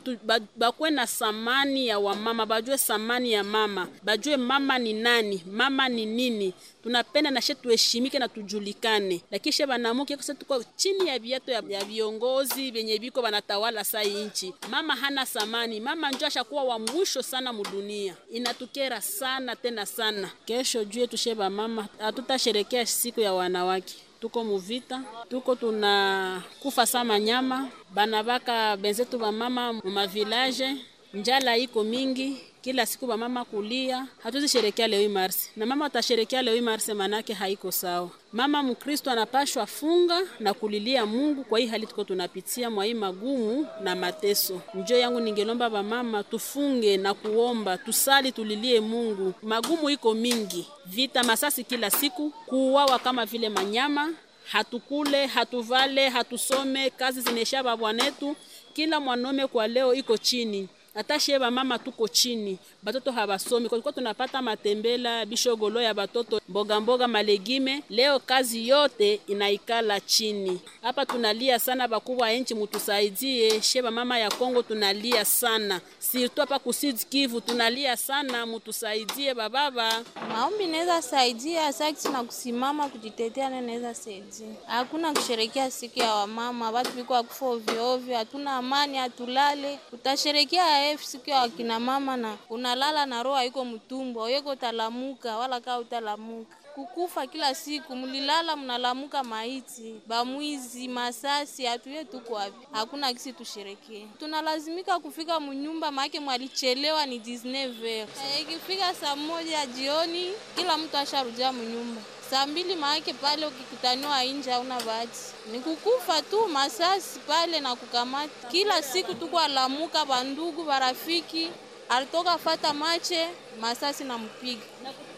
bakuwe na samani ya wamama, bajue samani ya mama, bajue mama ni nani, mama ni nini. Tunapenda nashe tuheshimike na tujulikane, lakini she banamuke kosa tuko chini ya viatu ya, ya viongozi venye viko banatawala saa inchi. Mama hana samani, mama njo ashakuwa wa mwisho sana mudunia. Inatukera sana tena sana. Kesho juye tushe mama hatutasherekea siku ya wanawake tuko muvita, tuko tunakufa sama nyama, banabaka benzetu bamama mumavilaje, njala iko mingi kila siku wamama kulia, hatuwezi sherekea leo Mars na mama atasherekea leo Mars, manake haiko sawa. Mama Mkristo anapashwa funga na kulilia Mungu kwa hii hali tuko tunapitia mwa hii magumu na mateso. Njoo yangu ningelomba mama tufunge na kuomba, tusali, tulilie Mungu. Magumu iko mingi, vita, masasi kila siku, kuuawa kama vile manyama, hatukule, hatuvale, hatusome, kazi zinaisha babwanetu, kila mwanaume kwa leo iko chini Atashi ba mama tuko chini, batoto hawasomi, kwa Kulikuwa tunapata matembela bishogolo ya batoto, mboga mboga, malegime. Leo kazi yote inaikala chini. Hapa tunalia sana, bakubwa enchi mutusaidie. She ba mama ya Kongo tunalia sana, sirtu hapa kusizi Kivu tunalia sana, mutusaidie bababa. Maombi naweza saidia saki na kusimama kujitetea, na naweza saidia. Hakuna kusherekea siku ya wamama, watu biko kufa ovyo ovyo, hatuna amani, hatulale. Utasherekea efu siku ya wakina mama, na unalala na roho iko mtumbwa yeko, talamuka wala kaa utalamuka kukufa kila siku, mlilala mnalamuka maiti, bamwizi, masasi, hatuye tuko wapi? Hakuna kisi tusherekee, tunalazimika kufika munyumba maake mwalichelewa ni 19 eh, ikifika saa moja jioni, kila mtu asharudia munyumba saa mbili, maake pale ukikutaniwa nje hauna bahati, ni kukufa tu masasi pale na kukamata. Kila siku tuko alamuka, bandugu barafiki alitoka fata mache masasi na mpiga,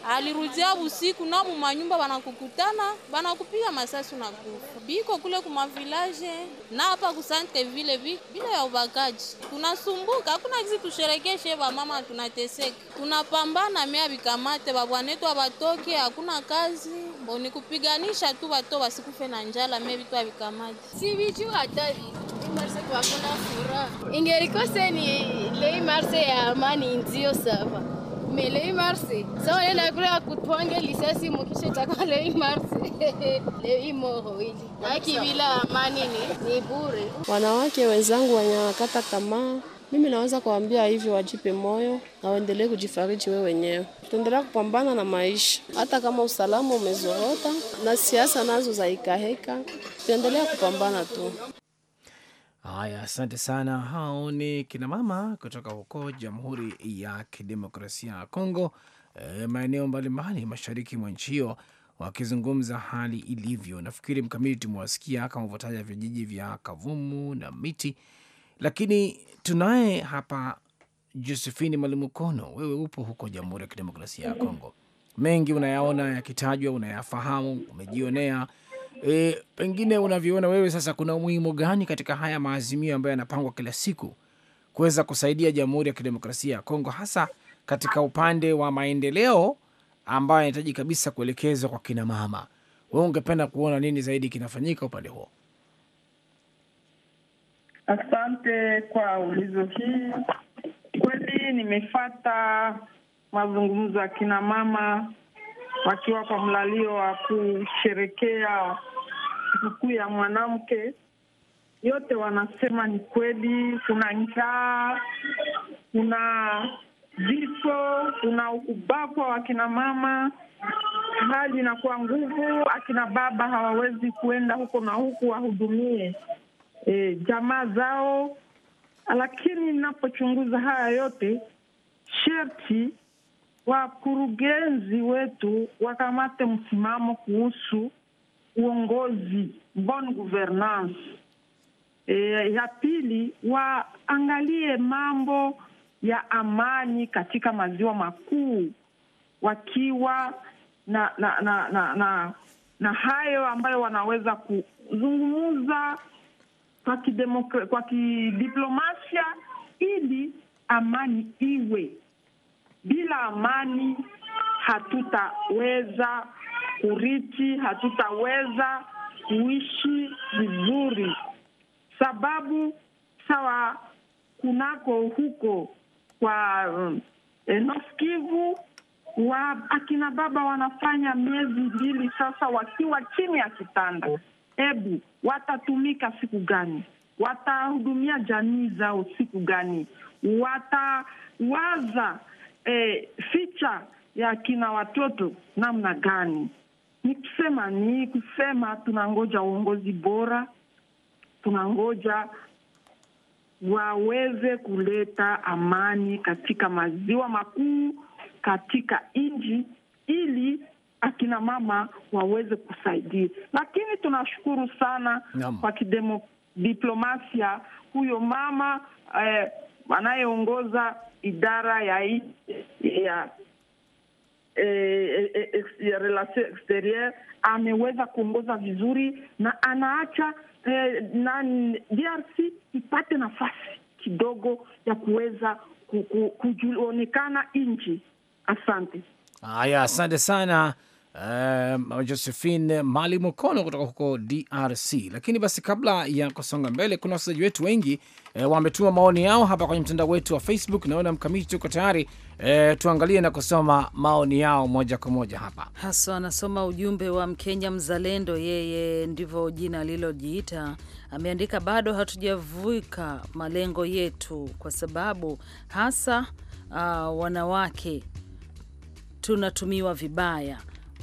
alirudia usiku na mumanyumba banakukutana banakupiga masasi na kufa. Biko kule kuma kumavilaje na hapa kusante vile bila ya ubakaji tunasumbuka, hakuna kizi tusherekeshe bamama, tunateseka tunapambana, mea bikamate babwanetu abatoke, hakuna kazi bo ni kupiganisha tu watu wasikufe na njala, mebi tu avikamati si viju hata marse kwa kuna furaha ingerikose ni lei marse ya amani ndio sawa melei marse sawa nenda kule akutwange lisasi mukishe takwa lei marse lei moho hili. Haki bila amani ni, ni bure. Wanawake wenzangu wanyawakata tamaa mimi naweza kuambia hivyo, wajipe moyo na waendelee kujifariji wewe wenyewe. Tutaendelea kupambana na maisha, hata kama usalama umezorota na siasa nazo zaikaheka, tutaendelea kupambana tu. Haya, asante sana. Hao ni kinamama kutoka huko Jamhuri ya Kidemokrasia ya Kongo, e, maeneo mbalimbali mashariki mwa nchi hiyo wakizungumza hali ilivyo. Nafikiri mkamiti tumewasikia kama uvyotaja vijiji vya Kavumu na Miti lakini tunaye hapa Josephine kono wewe upo huko Jamhuri ya Kidemokrasia ya Kongo, mengi unayaona yakitajwa, unayafahamu, umejionea. E, pengine unavyoona wewe sasa, kuna umuhimu gani katika haya maazimio ambayo yanapangwa kila siku kuweza kusaidia Jamhuri ya Kidemokrasia ya Kongo, hasa katika upande wa maendeleo ambayo yanahitaji kabisa kuelekezwa kwa kinamama? Wewe ungependa kuona nini zaidi kinafanyika upande huo? Asante kwa ulizo hii. Kweli nimefata mazungumzo ya kina mama wakiwa kwa mlalio wa kusherekea sikukuu ya mwanamke. Yote wanasema ni kweli, kuna njaa, kuna vifo, kuna ubakwa wa kina mama, hali inakuwa nguvu. Akina baba hawawezi kuenda huko na huku wahudumie e, jamaa zao. Lakini ninapochunguza haya yote, sherti wakurugenzi wetu wakamate msimamo kuhusu uongozi, bon governance. E, ya pili waangalie mambo ya amani katika maziwa makuu wakiwa na na na na, na, na hayo ambayo wanaweza kuzungumza kwa kidemokra, kwa kidiplomasia ili amani iwe. Bila amani hatutaweza kurithi, hatutaweza kuishi vizuri, sababu sawa kunako huko kwa um, North Kivu wa akina baba wanafanya miezi mbili sasa wakiwa chini ya kitanda hebu watatumika siku gani? Watahudumia jamii zao siku gani? Watawaza e, ficha ya kina watoto namna gani? Ni kusema ni kusema, tunangoja uongozi bora, tunangoja waweze kuleta amani katika maziwa makuu, katika nchi, ili akina mama waweze kusaidia, lakini tunashukuru sana Nama. kwa kidiplomasia huyo mama eh, anayeongoza idara ya ya eh, eh, eh ya relation exterieur ameweza kuongoza vizuri na anaacha eh, na DRC ipate nafasi kidogo ya kuweza kuonekana nchi. Asante. Haya, asante sana uh, Josephine Mali Mokono kutoka huko DRC. Lakini basi kabla ya kusonga mbele, kuna wasikilizaji wetu wengi uh, wametuma maoni yao hapa kwenye mtandao wetu wa Facebook. Naona mkamiti tuko tayari uh, tuangalie na kusoma maoni yao moja kwa moja hapa. Haswa anasoma ujumbe wa Mkenya mzalendo, yeye ndivyo jina alilojiita ameandika, bado hatujavuika malengo yetu kwa sababu hasa uh, wanawake tunatumiwa vibaya.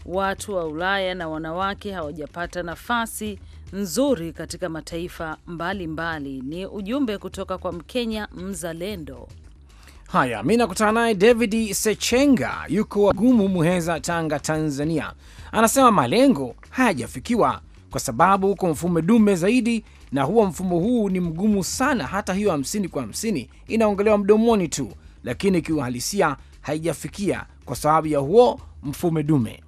Watu wa Ulaya na wanawake hawajapata nafasi nzuri katika mataifa mbalimbali mbali. Ni ujumbe kutoka kwa Mkenya mzalendo. Haya, mi nakutana naye David Sechenga, yuko wagumu Muheza, Tanga, Tanzania. Anasema malengo hayajafikiwa kwa sababu kwa mfumo dume zaidi, na huwa mfumo huu ni mgumu sana. Hata hiyo hamsini kwa hamsini inaongelewa mdomoni tu, lakini kiuhalisia haijafikia kwa sababu ya huo mfume dume.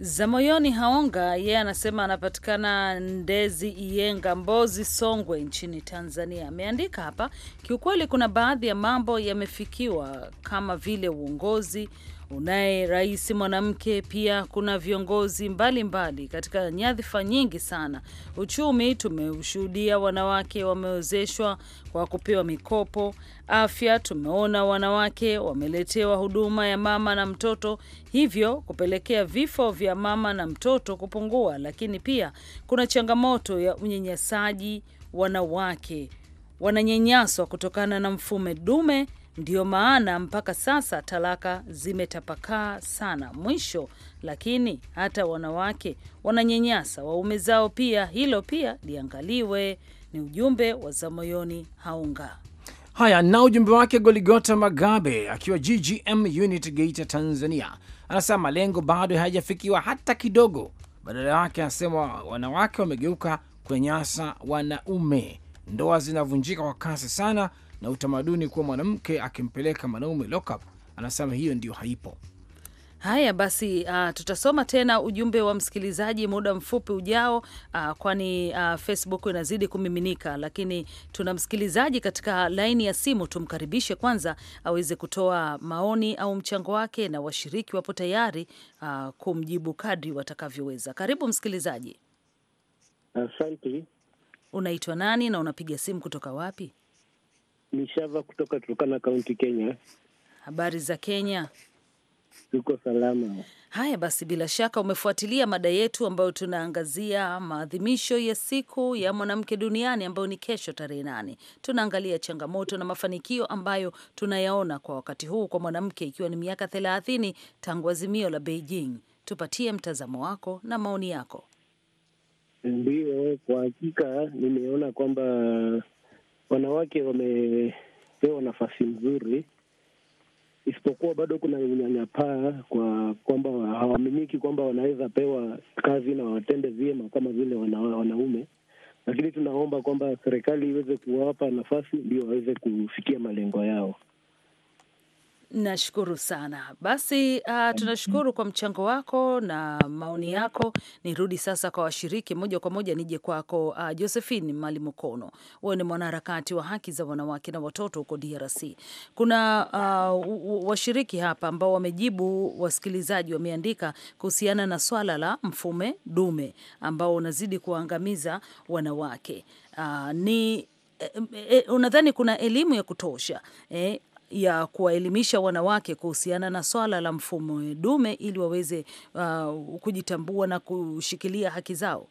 Zamoyoni Haonga yeye anasema anapatikana Ndezi, Iyenga, Mbozi, Songwe nchini Tanzania. Ameandika hapa, kiukweli kuna baadhi ya mambo yamefikiwa kama vile uongozi unaye rais mwanamke, pia kuna viongozi mbalimbali mbali katika nyadhifa nyingi sana. Uchumi tumeushuhudia wanawake wamewezeshwa kwa kupewa mikopo. Afya tumeona wanawake wameletewa huduma ya mama na mtoto, hivyo kupelekea vifo vya mama na mtoto kupungua. Lakini pia kuna changamoto ya unyanyasaji, wanawake wananyanyaswa kutokana na mfumo dume ndio maana mpaka sasa talaka zimetapakaa sana mwisho, lakini hata wanawake wananyanyasa waume zao pia. Hilo pia liangaliwe. Ni ujumbe wa Zamoyoni Haunga. Haya, na ujumbe wake Goligota Magabe akiwa GGM unit Geita, Tanzania, anasema malengo bado hayajafikiwa hata kidogo. Badala yake anasema wanawake wamegeuka kunyanyasa wanaume, ndoa zinavunjika kwa kasi sana, na utamaduni kuwa mwanamke akimpeleka mwanaume lockup, anasema hiyo ndio haipo. Haya basi, uh, tutasoma tena ujumbe wa msikilizaji muda mfupi ujao, uh, kwani uh, Facebook inazidi kumiminika, lakini tuna msikilizaji katika laini ya simu. Tumkaribishe kwanza aweze kutoa maoni au mchango wake, na washiriki wapo tayari uh, kumjibu kadri watakavyoweza. Karibu msikilizaji. Asante. Unaitwa nani na unapiga simu kutoka wapi? ni shava kutoka Turkana Kaunti, Kenya. Habari za Kenya? Tuko salama. Haya basi, bila shaka umefuatilia mada yetu ambayo tunaangazia maadhimisho ya siku ya mwanamke duniani ambayo ni kesho tarehe nane. Tunaangalia changamoto na mafanikio ambayo tunayaona kwa wakati huu kwa mwanamke, ikiwa ni miaka thelathini tangu azimio la Beijing. Tupatie mtazamo wako na maoni yako. Ndiyo, kwa hakika nimeona kwamba wanawake wamepewa nafasi nzuri, isipokuwa bado kuna unyanyapaa kwa kwamba hawaaminiki kwamba wanaweza pewa kazi na watende vyema kama vile wana, wanaume. Lakini tunaomba kwamba serikali iweze kuwapa nafasi ndio waweze kufikia malengo yao. Nashukuru sana basi. Uh, tunashukuru kwa mchango wako na maoni yako. Nirudi sasa kwa washiriki moja kwa moja, nije kwako uh, Josephine Mali Mukono, wewe ni mwanaharakati wa haki za wanawake na watoto huko DRC. Kuna uh, washiriki hapa ambao wamejibu, wasikilizaji wameandika kuhusiana na swala la mfume dume ambao unazidi kuwaangamiza wanawake uh, ni E, e, unadhani kuna elimu ya kutosha e, ya kuwaelimisha wanawake kuhusiana na swala la mfumo dume ili waweze uh, kujitambua na kushikilia haki zao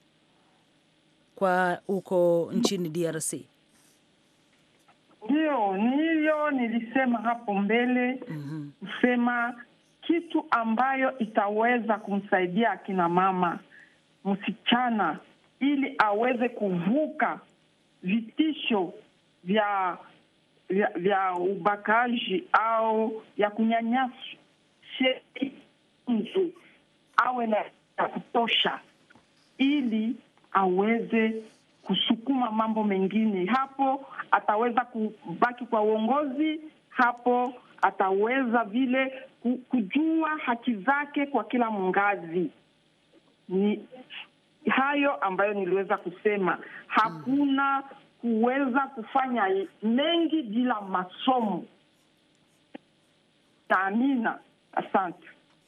kwa huko nchini DRC? Ndio, niyo nilisema hapo mbele mm -hmm. kusema kitu ambayo itaweza kumsaidia akina mama msichana ili aweze kuvuka vitisho vya vya, vya ubakaji au ya kunyanyasa mtu awe na ya kutosha ili aweze kusukuma mambo mengine. Hapo ataweza kubaki kwa uongozi, hapo ataweza vile kujua haki zake kwa kila mngazi. Ni hayo ambayo niliweza kusema. Hakuna kuweza kufanya mengi bila masomo. Amina, asante.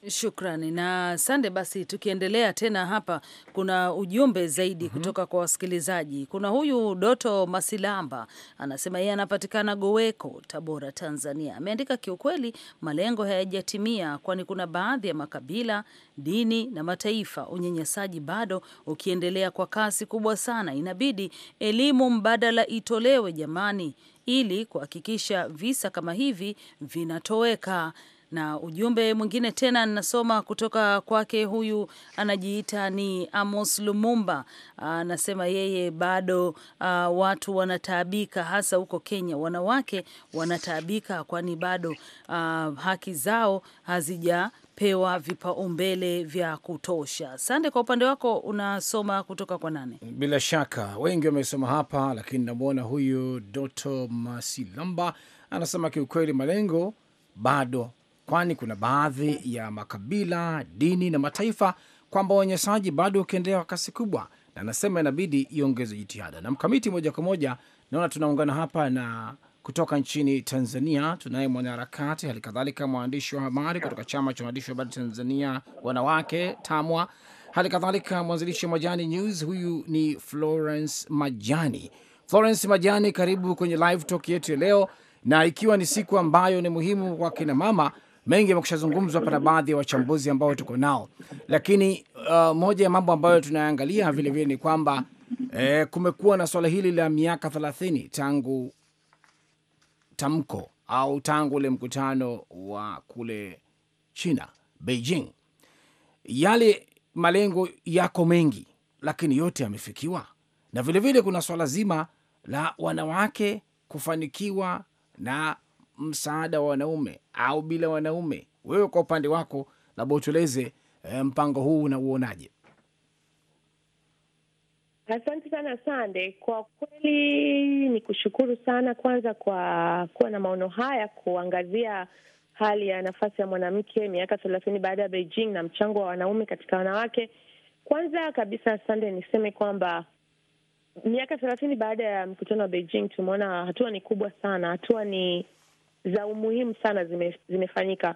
Shukrani na sande. Basi tukiendelea tena hapa, kuna ujumbe zaidi mm -hmm. kutoka kwa wasikilizaji. Kuna huyu Doto Masilamba anasema yeye anapatikana Goweko, Tabora, Tanzania. Ameandika, kiukweli malengo hayajatimia, kwani kuna baadhi ya makabila, dini na mataifa, unyanyasaji bado ukiendelea kwa kasi kubwa sana. Inabidi elimu mbadala itolewe jamani, ili kuhakikisha visa kama hivi vinatoweka. Na ujumbe mwingine tena ninasoma kutoka kwake, huyu anajiita ni Amos Lumumba, anasema yeye bado a, uh, watu wanataabika, hasa huko Kenya wanawake wanataabika, kwani bado a, uh, haki zao hazija pewa vipaumbele vya kutosha. Sande, kwa upande wako unasoma kutoka kwa nane? Bila shaka wengi wamesoma hapa, lakini namwona huyu Doto Masilamba anasema kiukweli, malengo bado kwani kuna baadhi ya makabila, dini na mataifa kwamba unyanyasaji bado ukiendelea kwa kasi kubwa, na anasema inabidi iongeze jitihada. Na mkamiti moja kwa moja, naona tunaungana hapa na kutoka nchini Tanzania tunaye mwanaharakati hali kadhalika mwandishi wa habari kutoka chama cha waandishi wa habari Tanzania wanawake TAMWA, hali kadhalika mwanzilishi wa Majani News. Huyu ni Florence Majani. Florence Majani, karibu kwenye live talk yetu ya leo, na ikiwa ni siku ambayo ni muhimu kwa kina mama, mengi yamekushazungumzwa hapa na baadhi ya wachambuzi ambao tuko nao, lakini uh, moja ya mambo ambayo tunaangalia vilevile ni kwamba eh, kumekuwa na swala hili la miaka thelathini tangu tamko au tangu ule mkutano wa kule China Beijing. Yale malengo yako mengi, lakini yote yamefikiwa, na vilevile vile kuna swala zima la wanawake kufanikiwa na msaada wa wanaume au bila wanaume. Wewe kwa upande wako, labda utueleze eh, mpango huu unauonaje? Asante sana Sande. Kwa kweli ni kushukuru sana kwanza kwa kuwa na maono haya kuangazia hali ya nafasi ya mwanamke miaka thelathini baada ya Beijing na mchango wa wanaume katika wanawake. Kwanza kabisa Sande, niseme kwamba miaka thelathini baada ya mkutano wa Beijing tumeona hatua ni kubwa sana. Hatua ni za umuhimu sana zime, zimefanyika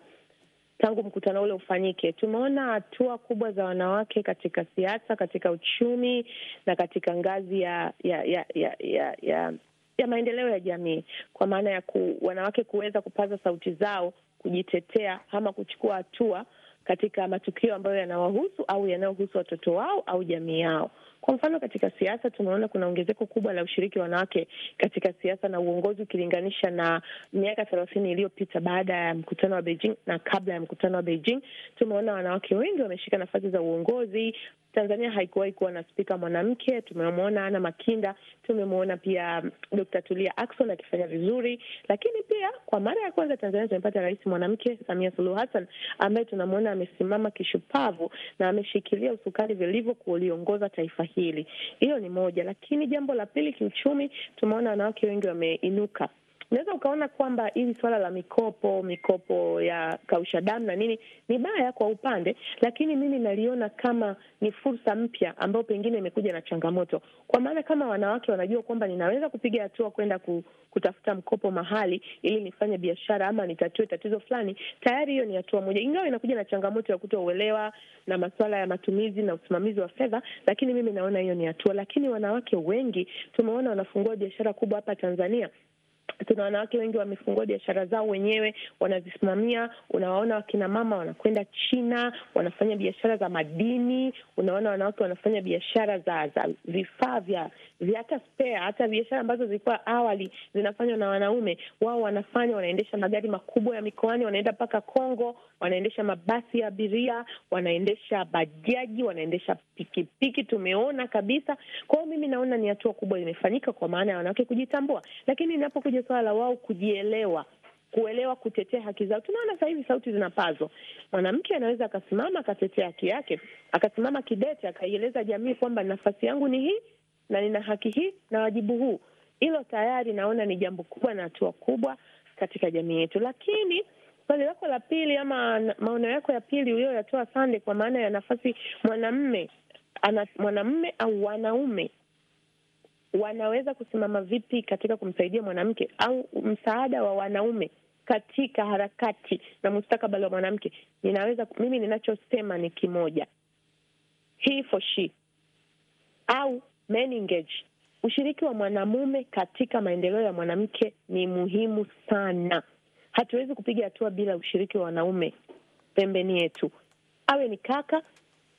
tangu mkutano ule ufanyike. Tumeona hatua kubwa za wanawake katika siasa, katika uchumi na katika ngazi ya ya ya ya, ya, ya, ya maendeleo ya jamii, kwa maana ya ku, wanawake kuweza kupaza sauti zao, kujitetea ama kuchukua hatua katika matukio ambayo yanawahusu au yanayohusu watoto wao au jamii yao. Kwa mfano, katika siasa tumeona kuna ongezeko kubwa la ushiriki wa wanawake katika siasa na uongozi ukilinganisha na miaka thelathini iliyopita baada ya mkutano wa Beijing na kabla ya mkutano wa Beijing. Tumeona wanawake wengi wameshika nafasi za uongozi, Tanzania haikuwahi kuwa na spika mwanamke. Tumemwona Ana Makinda, tumemwona pia mm, Dr. Tulia Ackson akifanya vizuri, lakini pia kwa mara ya kwanza Tanzania tumepata rais mwanamke Samia Suluhu Hassan ambaye tunamwona amesimama kishupavu na ameshikilia usukani vilivyo kuliongoza taifa hili. Hiyo ni moja, lakini jambo la pili, kiuchumi, tumeona wanawake wengi wameinuka unaweza ukaona kwamba hili swala la mikopo mikopo ya kausha damu na nini ni baya kwa upande, lakini mimi naliona kama ni fursa mpya ambayo pengine imekuja na changamoto, kwa maana kama wanawake wanajua kwamba ninaweza kupiga hatua kwenda kutafuta mkopo mahali ili nifanye biashara ama nitatue tatizo fulani, tayari hiyo ni hatua moja, ingawa inakuja na changamoto ya uelewa na masuala ya matumizi na usimamizi wa fedha, lakini mimi naona hiyo ni hatua. Lakini wanawake wengi tumeona wanafungua biashara kubwa hapa Tanzania tuna wanawake wengi wamefungua biashara zao wenyewe, wanazisimamia. Unawaona wakina mama wanakwenda China, wanafanya biashara za madini. Unaona wanawake wanafanya biashara za za vifaa vya hata spare, hata biashara ambazo zilikuwa awali zinafanywa na wanaume, wao wanafanya, wanaendesha magari makubwa ya mikoani, wanaenda mpaka Kongo, wanaendesha mabasi ya abiria, wanaendesha bajaji, wanaendesha pikipiki Tumeona kabisa. Kwa mimi naona ni hatua kubwa imefanyika kwa maana ya wanawake kujitambua, lakini inapokuja linakuja swala la wao kujielewa, kuelewa kutetea haki zao. Tunaona sasa hivi sauti zinapazwa, mwanamke anaweza akasimama akatetea haki yake, akasimama kidete, akaieleza jamii kwamba nafasi yangu ni hii na nina haki hii na wajibu huu. Hilo tayari naona ni jambo kubwa na hatua kubwa katika jamii yetu. Lakini swali lako la pili ama maono yako ya pili uliyoyatoa Sande, kwa maana ya nafasi mwanamme ana mwanamme au wanaume wanaweza kusimama vipi katika kumsaidia mwanamke au msaada wa wanaume katika harakati na mustakabali wa mwanamke. Ninaweza mimi, ninachosema ni kimoja, he for she au men engage. Ushiriki wa mwanamume katika maendeleo ya mwanamke ni muhimu sana. Hatuwezi kupiga hatua bila ushiriki wa wanaume pembeni yetu, awe ni kaka,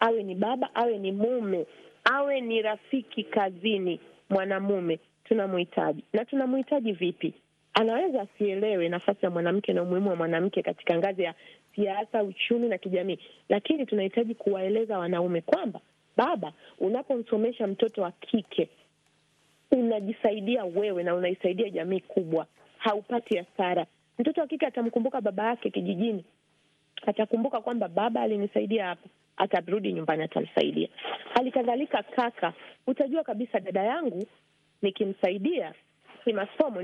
awe ni baba, awe ni mume, awe ni rafiki kazini mwanamume tunamhitaji, na tunamhitaji vipi? Anaweza asielewe nafasi ya mwanamke na umuhimu wa mwanamke katika ngazi ya siasa, uchumi na kijamii, lakini tunahitaji kuwaeleza wanaume kwamba, baba, unapomsomesha mtoto wa kike unajisaidia wewe na unaisaidia jamii kubwa, haupati hasara. Mtoto wa kike atamkumbuka baba yake kijijini, atakumbuka kwamba baba alinisaidia hapa, atarudi nyumbani, atamsaidia. Hali kadhalika kaka, utajua kabisa dada yangu nikimsaidia kimasomo,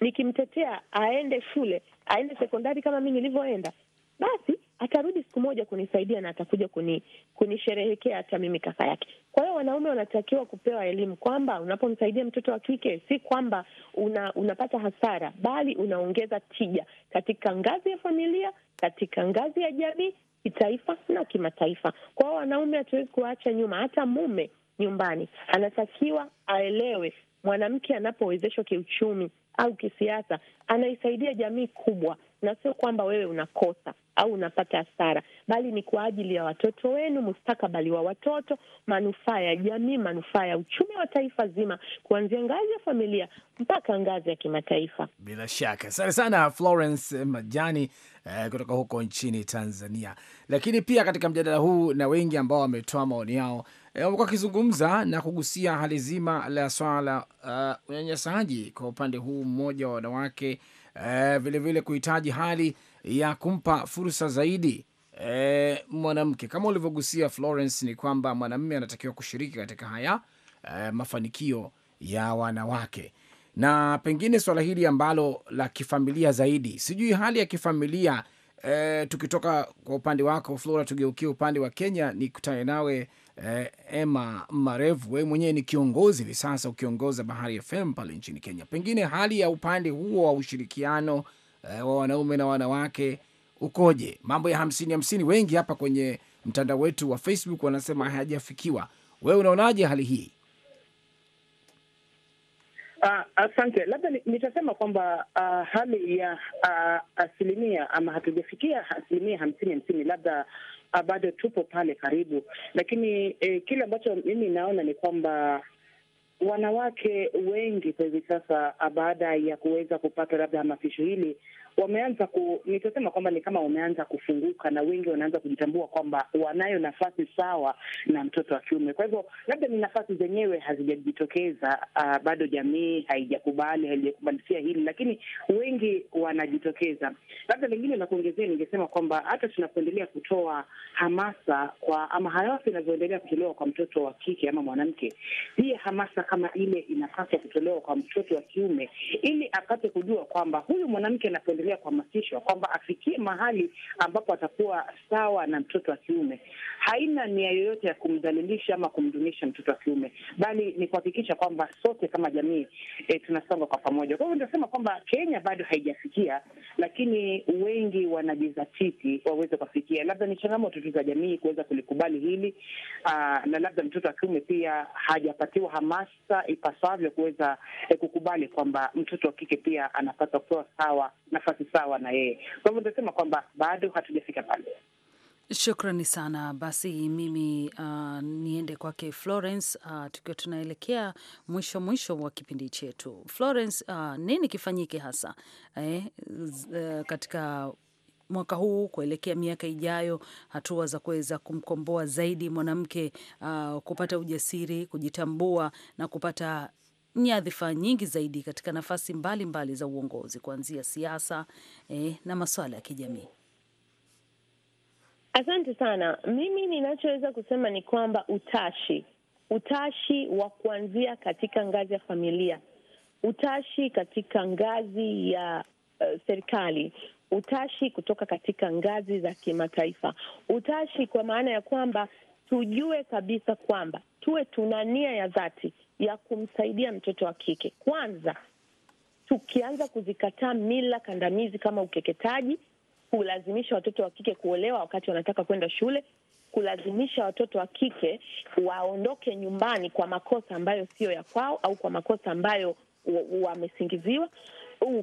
nikimtetea niki aende shule, aende sekondari kama mi nilivyoenda, basi atarudi siku moja kunisaidia na atakuja kuni, kunisherehekea hata mimi kaka yake. Kwa hiyo wanaume wanatakiwa kupewa elimu kwamba unapomsaidia mtoto wa kike si kwamba una, unapata hasara, bali unaongeza tija katika ngazi ya familia, katika ngazi ya jamii kitaifa na kimataifa. Kwa wanaume hatuwezi kuwaacha nyuma, hata mume nyumbani anatakiwa aelewe mwanamke anapowezeshwa kiuchumi au kisiasa anaisaidia jamii kubwa, na sio kwamba wewe unakosa au unapata hasara, bali ni kwa ajili ya watoto wenu, mustakabali wa watoto, manufaa ya jamii, manufaa ya uchumi wa taifa zima, kuanzia ngazi ya familia mpaka ngazi ya kimataifa. Bila shaka, asante sana Florence Majani eh, kutoka huko nchini Tanzania. Lakini pia katika mjadala huu na wengi ambao wametoa maoni yao Eh, wamekuwa wakizungumza na kugusia hali zima la swala la uh, unyanyasaji kwa upande huu mmoja wa wanawake vilevile, eh, uh, vile kuhitaji hali ya kumpa fursa zaidi uh, mwanamke kama ulivyogusia Florence, ni kwamba mwanamme anatakiwa kushiriki katika haya uh, mafanikio ya wanawake, na pengine swala hili ambalo la kifamilia zaidi, sijui hali ya kifamilia E, tukitoka kwa upande wako Flora, tugeukie upande wa Kenya nikutane nawe e, Emma Marevu, wewe mwenyewe ni kiongozi hivi sasa ukiongoza Bahari FM pale nchini Kenya, pengine hali ya upande huo wa ushirikiano e, wa wanaume na wanawake ukoje? Mambo ya hamsini hamsini, wengi hapa kwenye mtandao wetu wa Facebook wanasema hayajafikiwa. Wewe unaonaje hali hii? Uh, asante. Labda nitasema kwamba uh, hali ya uh, asilimia ama hatujafikia asilimia hamsini hamsini, labda uh, bado tupo pale karibu, lakini eh, kile ambacho mimi naona ni kwamba wanawake wengi kwa hivi sasa baada ya kuweza kupata labda hamasisho hili wameanza ku, nitasema kwamba ni kama wameanza kufunguka na wengi wanaanza kujitambua kwamba wanayo nafasi sawa na mtoto wa kiume. Kwa hivyo labda ni nafasi zenyewe hazijajitokeza, uh, bado jamii haijakubali, haijakubalisia hili, lakini wengi wanajitokeza. Labda lingine la kuongezea, ningesema kwamba hata tunapoendelea kutoa hamasa kwa ama hamasa inavyoendelea kutolewa kwa mtoto wa kike ama mwanamke, pia hamasa kama ile inapaswa kutolewa kwa mtoto wa kiume ili apate kujua kwamba huyu mwanamke anapoendelea kuendelea kuhamasishwa kwamba afikie mahali ambapo atakuwa sawa na mtoto wa kiume. Haina nia yoyote ya kumdhalilisha ama kumdunisha mtoto wa kiume, bali ni kuhakikisha kwamba sote kama jamii e, tunasonga kwa pamoja. Kwa hivyo nitasema kwamba Kenya bado haijafikia, lakini wengi wanajizatiti waweze kufikia. Labda ni changamoto tu za jamii kuweza kulikubali hili aa, na labda mtoto wa kiume pia hajapatiwa hamasa ipasavyo kuweza e, kukubali kwamba mtoto wa kike pia anapaswa kupewa sawa nafasi sawa na yeye. Kwa hivyo nitasema kwamba bado hatujafika pale. Shukrani sana. Basi mimi uh, niende kwake Florence uh, tukiwa tunaelekea mwisho mwisho wa kipindi chetu. Florence, uh, nini kifanyike hasa eh, uh, katika mwaka huu kuelekea miaka ijayo, hatua za kuweza kumkomboa zaidi mwanamke uh, kupata ujasiri, kujitambua na kupata nyadhifa nyingi zaidi katika nafasi mbalimbali mbali za uongozi kuanzia siasa eh, na masuala ya kijamii. Asante sana. Mimi ninachoweza kusema ni kwamba utashi, utashi wa kuanzia katika ngazi ya familia, utashi katika ngazi ya uh, serikali, utashi kutoka katika ngazi za kimataifa, utashi kwa maana ya kwamba tujue kabisa kwamba tuwe tuna nia ya dhati ya kumsaidia mtoto wa kike. Kwanza, tukianza kuzikataa mila kandamizi kama ukeketaji, kulazimisha watoto wa kike kuolewa wakati wanataka kwenda shule, kulazimisha watoto wa kike waondoke nyumbani kwa makosa ambayo siyo ya kwao au kwa makosa ambayo wamesingiziwa,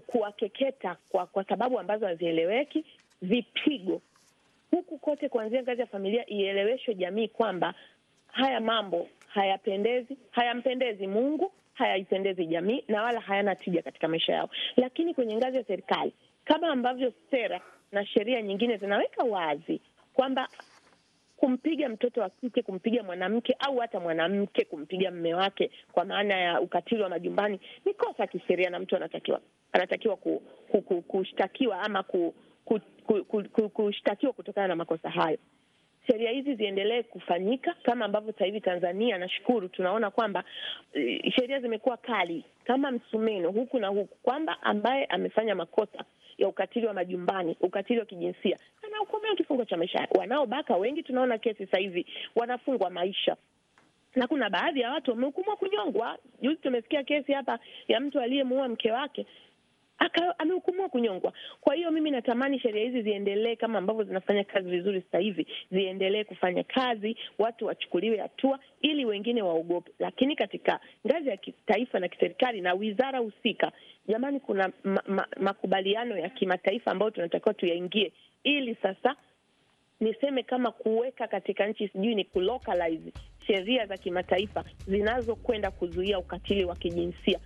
kuwakeketa kwa, kwa sababu ambazo hazieleweki, vipigo huku kote, kuanzia ngazi ya familia, ieleweshwe jamii kwamba haya mambo hayapendezi, hayampendezi Mungu, hayaipendezi jamii na wala hayana tija katika maisha yao. Lakini kwenye ngazi ya serikali, kama ambavyo sera na sheria nyingine zinaweka wazi kwamba kumpiga mtoto wa kike, kumpiga mwanamke au hata mwanamke kumpiga mme wake, kwa maana ya ukatili wa majumbani ni kosa kisheria, na mtu anatakiwa anatakiwa ku, ku, ku, kushtakiwa ama ku, ku, ku, ku, ku, kushtakiwa kutokana na makosa hayo sheria hizi ziendelee kufanyika kama ambavyo sasa hivi Tanzania, nashukuru tunaona kwamba eh, sheria zimekuwa kali kama msumeno huku na huku, kwamba ambaye amefanya makosa ya ukatili wa majumbani, ukatili wa kijinsia anahukumiwa kifungo cha maisha. Wanaobaka wengi tunaona kesi sasa hivi wanafungwa maisha na kuna baadhi ya watu wamehukumiwa kunyongwa. Juzi tumesikia kesi hapa ya mtu aliyemuua mke wake amehukumiwa kunyongwa. Kwa hiyo mimi natamani sheria hizi ziendelee kama ambavyo zinafanya kazi vizuri sasa hivi, ziendelee kufanya kazi, watu wachukuliwe hatua ili wengine waogope. Lakini katika ngazi ya kitaifa na kiserikali na wizara husika, jamani, kuna ma ma makubaliano ya kimataifa ambayo tunatakiwa tuyaingie ili sasa niseme kama kuweka katika nchi sijui ni kulocalize sheria za kimataifa zinazokwenda kuzuia ukatili wa kijinsia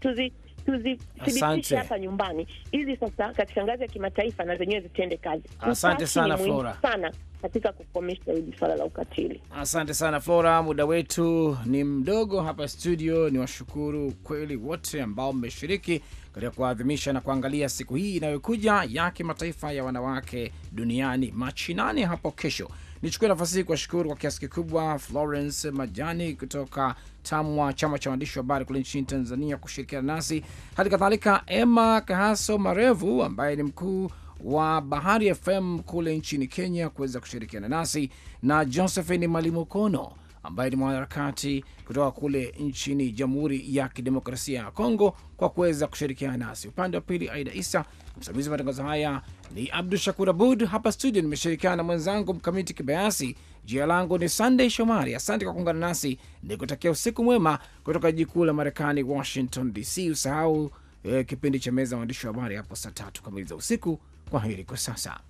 tuzi tuzithibitishe hapa nyumbani, ili sasa katika ngazi ya kimataifa na zenyewe zitende kazi. Asante sana Flora sana katika kukomesha hili swala la ukatili. Asante sana Flora, muda wetu ni mdogo hapa studio. Ni washukuru kweli wote ambao mmeshiriki katika kuadhimisha na kuangalia siku hii inayokuja ya kimataifa ya wanawake duniani Machi nane hapo kesho. Nichukue nafasi hii kuwashukuru kwa kiasi kikubwa Florence Majani kutoka TAMWA, chama cha waandishi wa habari kule nchini Tanzania, kushirikiana nasi, hali kadhalika Emma Kahaso Marevu ambaye ni mkuu wa Bahari FM kule nchini Kenya kuweza kushirikiana nasi na Josephine Mwalimu Kono ambaye ni mwanaharakati kutoka kule nchini Jamhuri ya Kidemokrasia ya Kongo kwa kuweza kushirikiana nasi. Upande wa pili, Aida Isa msimamizi wa matangazo haya. Ni Abdu Shakur Abud hapa studio, nimeshirikiana na mwenzangu Mkamiti Kibayasi. Jina langu ni sandey Shomari. Asante kwa kuungana nasi, ni kutakia usiku mwema kutoka jiji kuu la Marekani, Washington DC. Usahau eh, kipindi cha meza waandishi wa habari hapo saa tatu kamili za usiku. Kwa heri kwa sasa.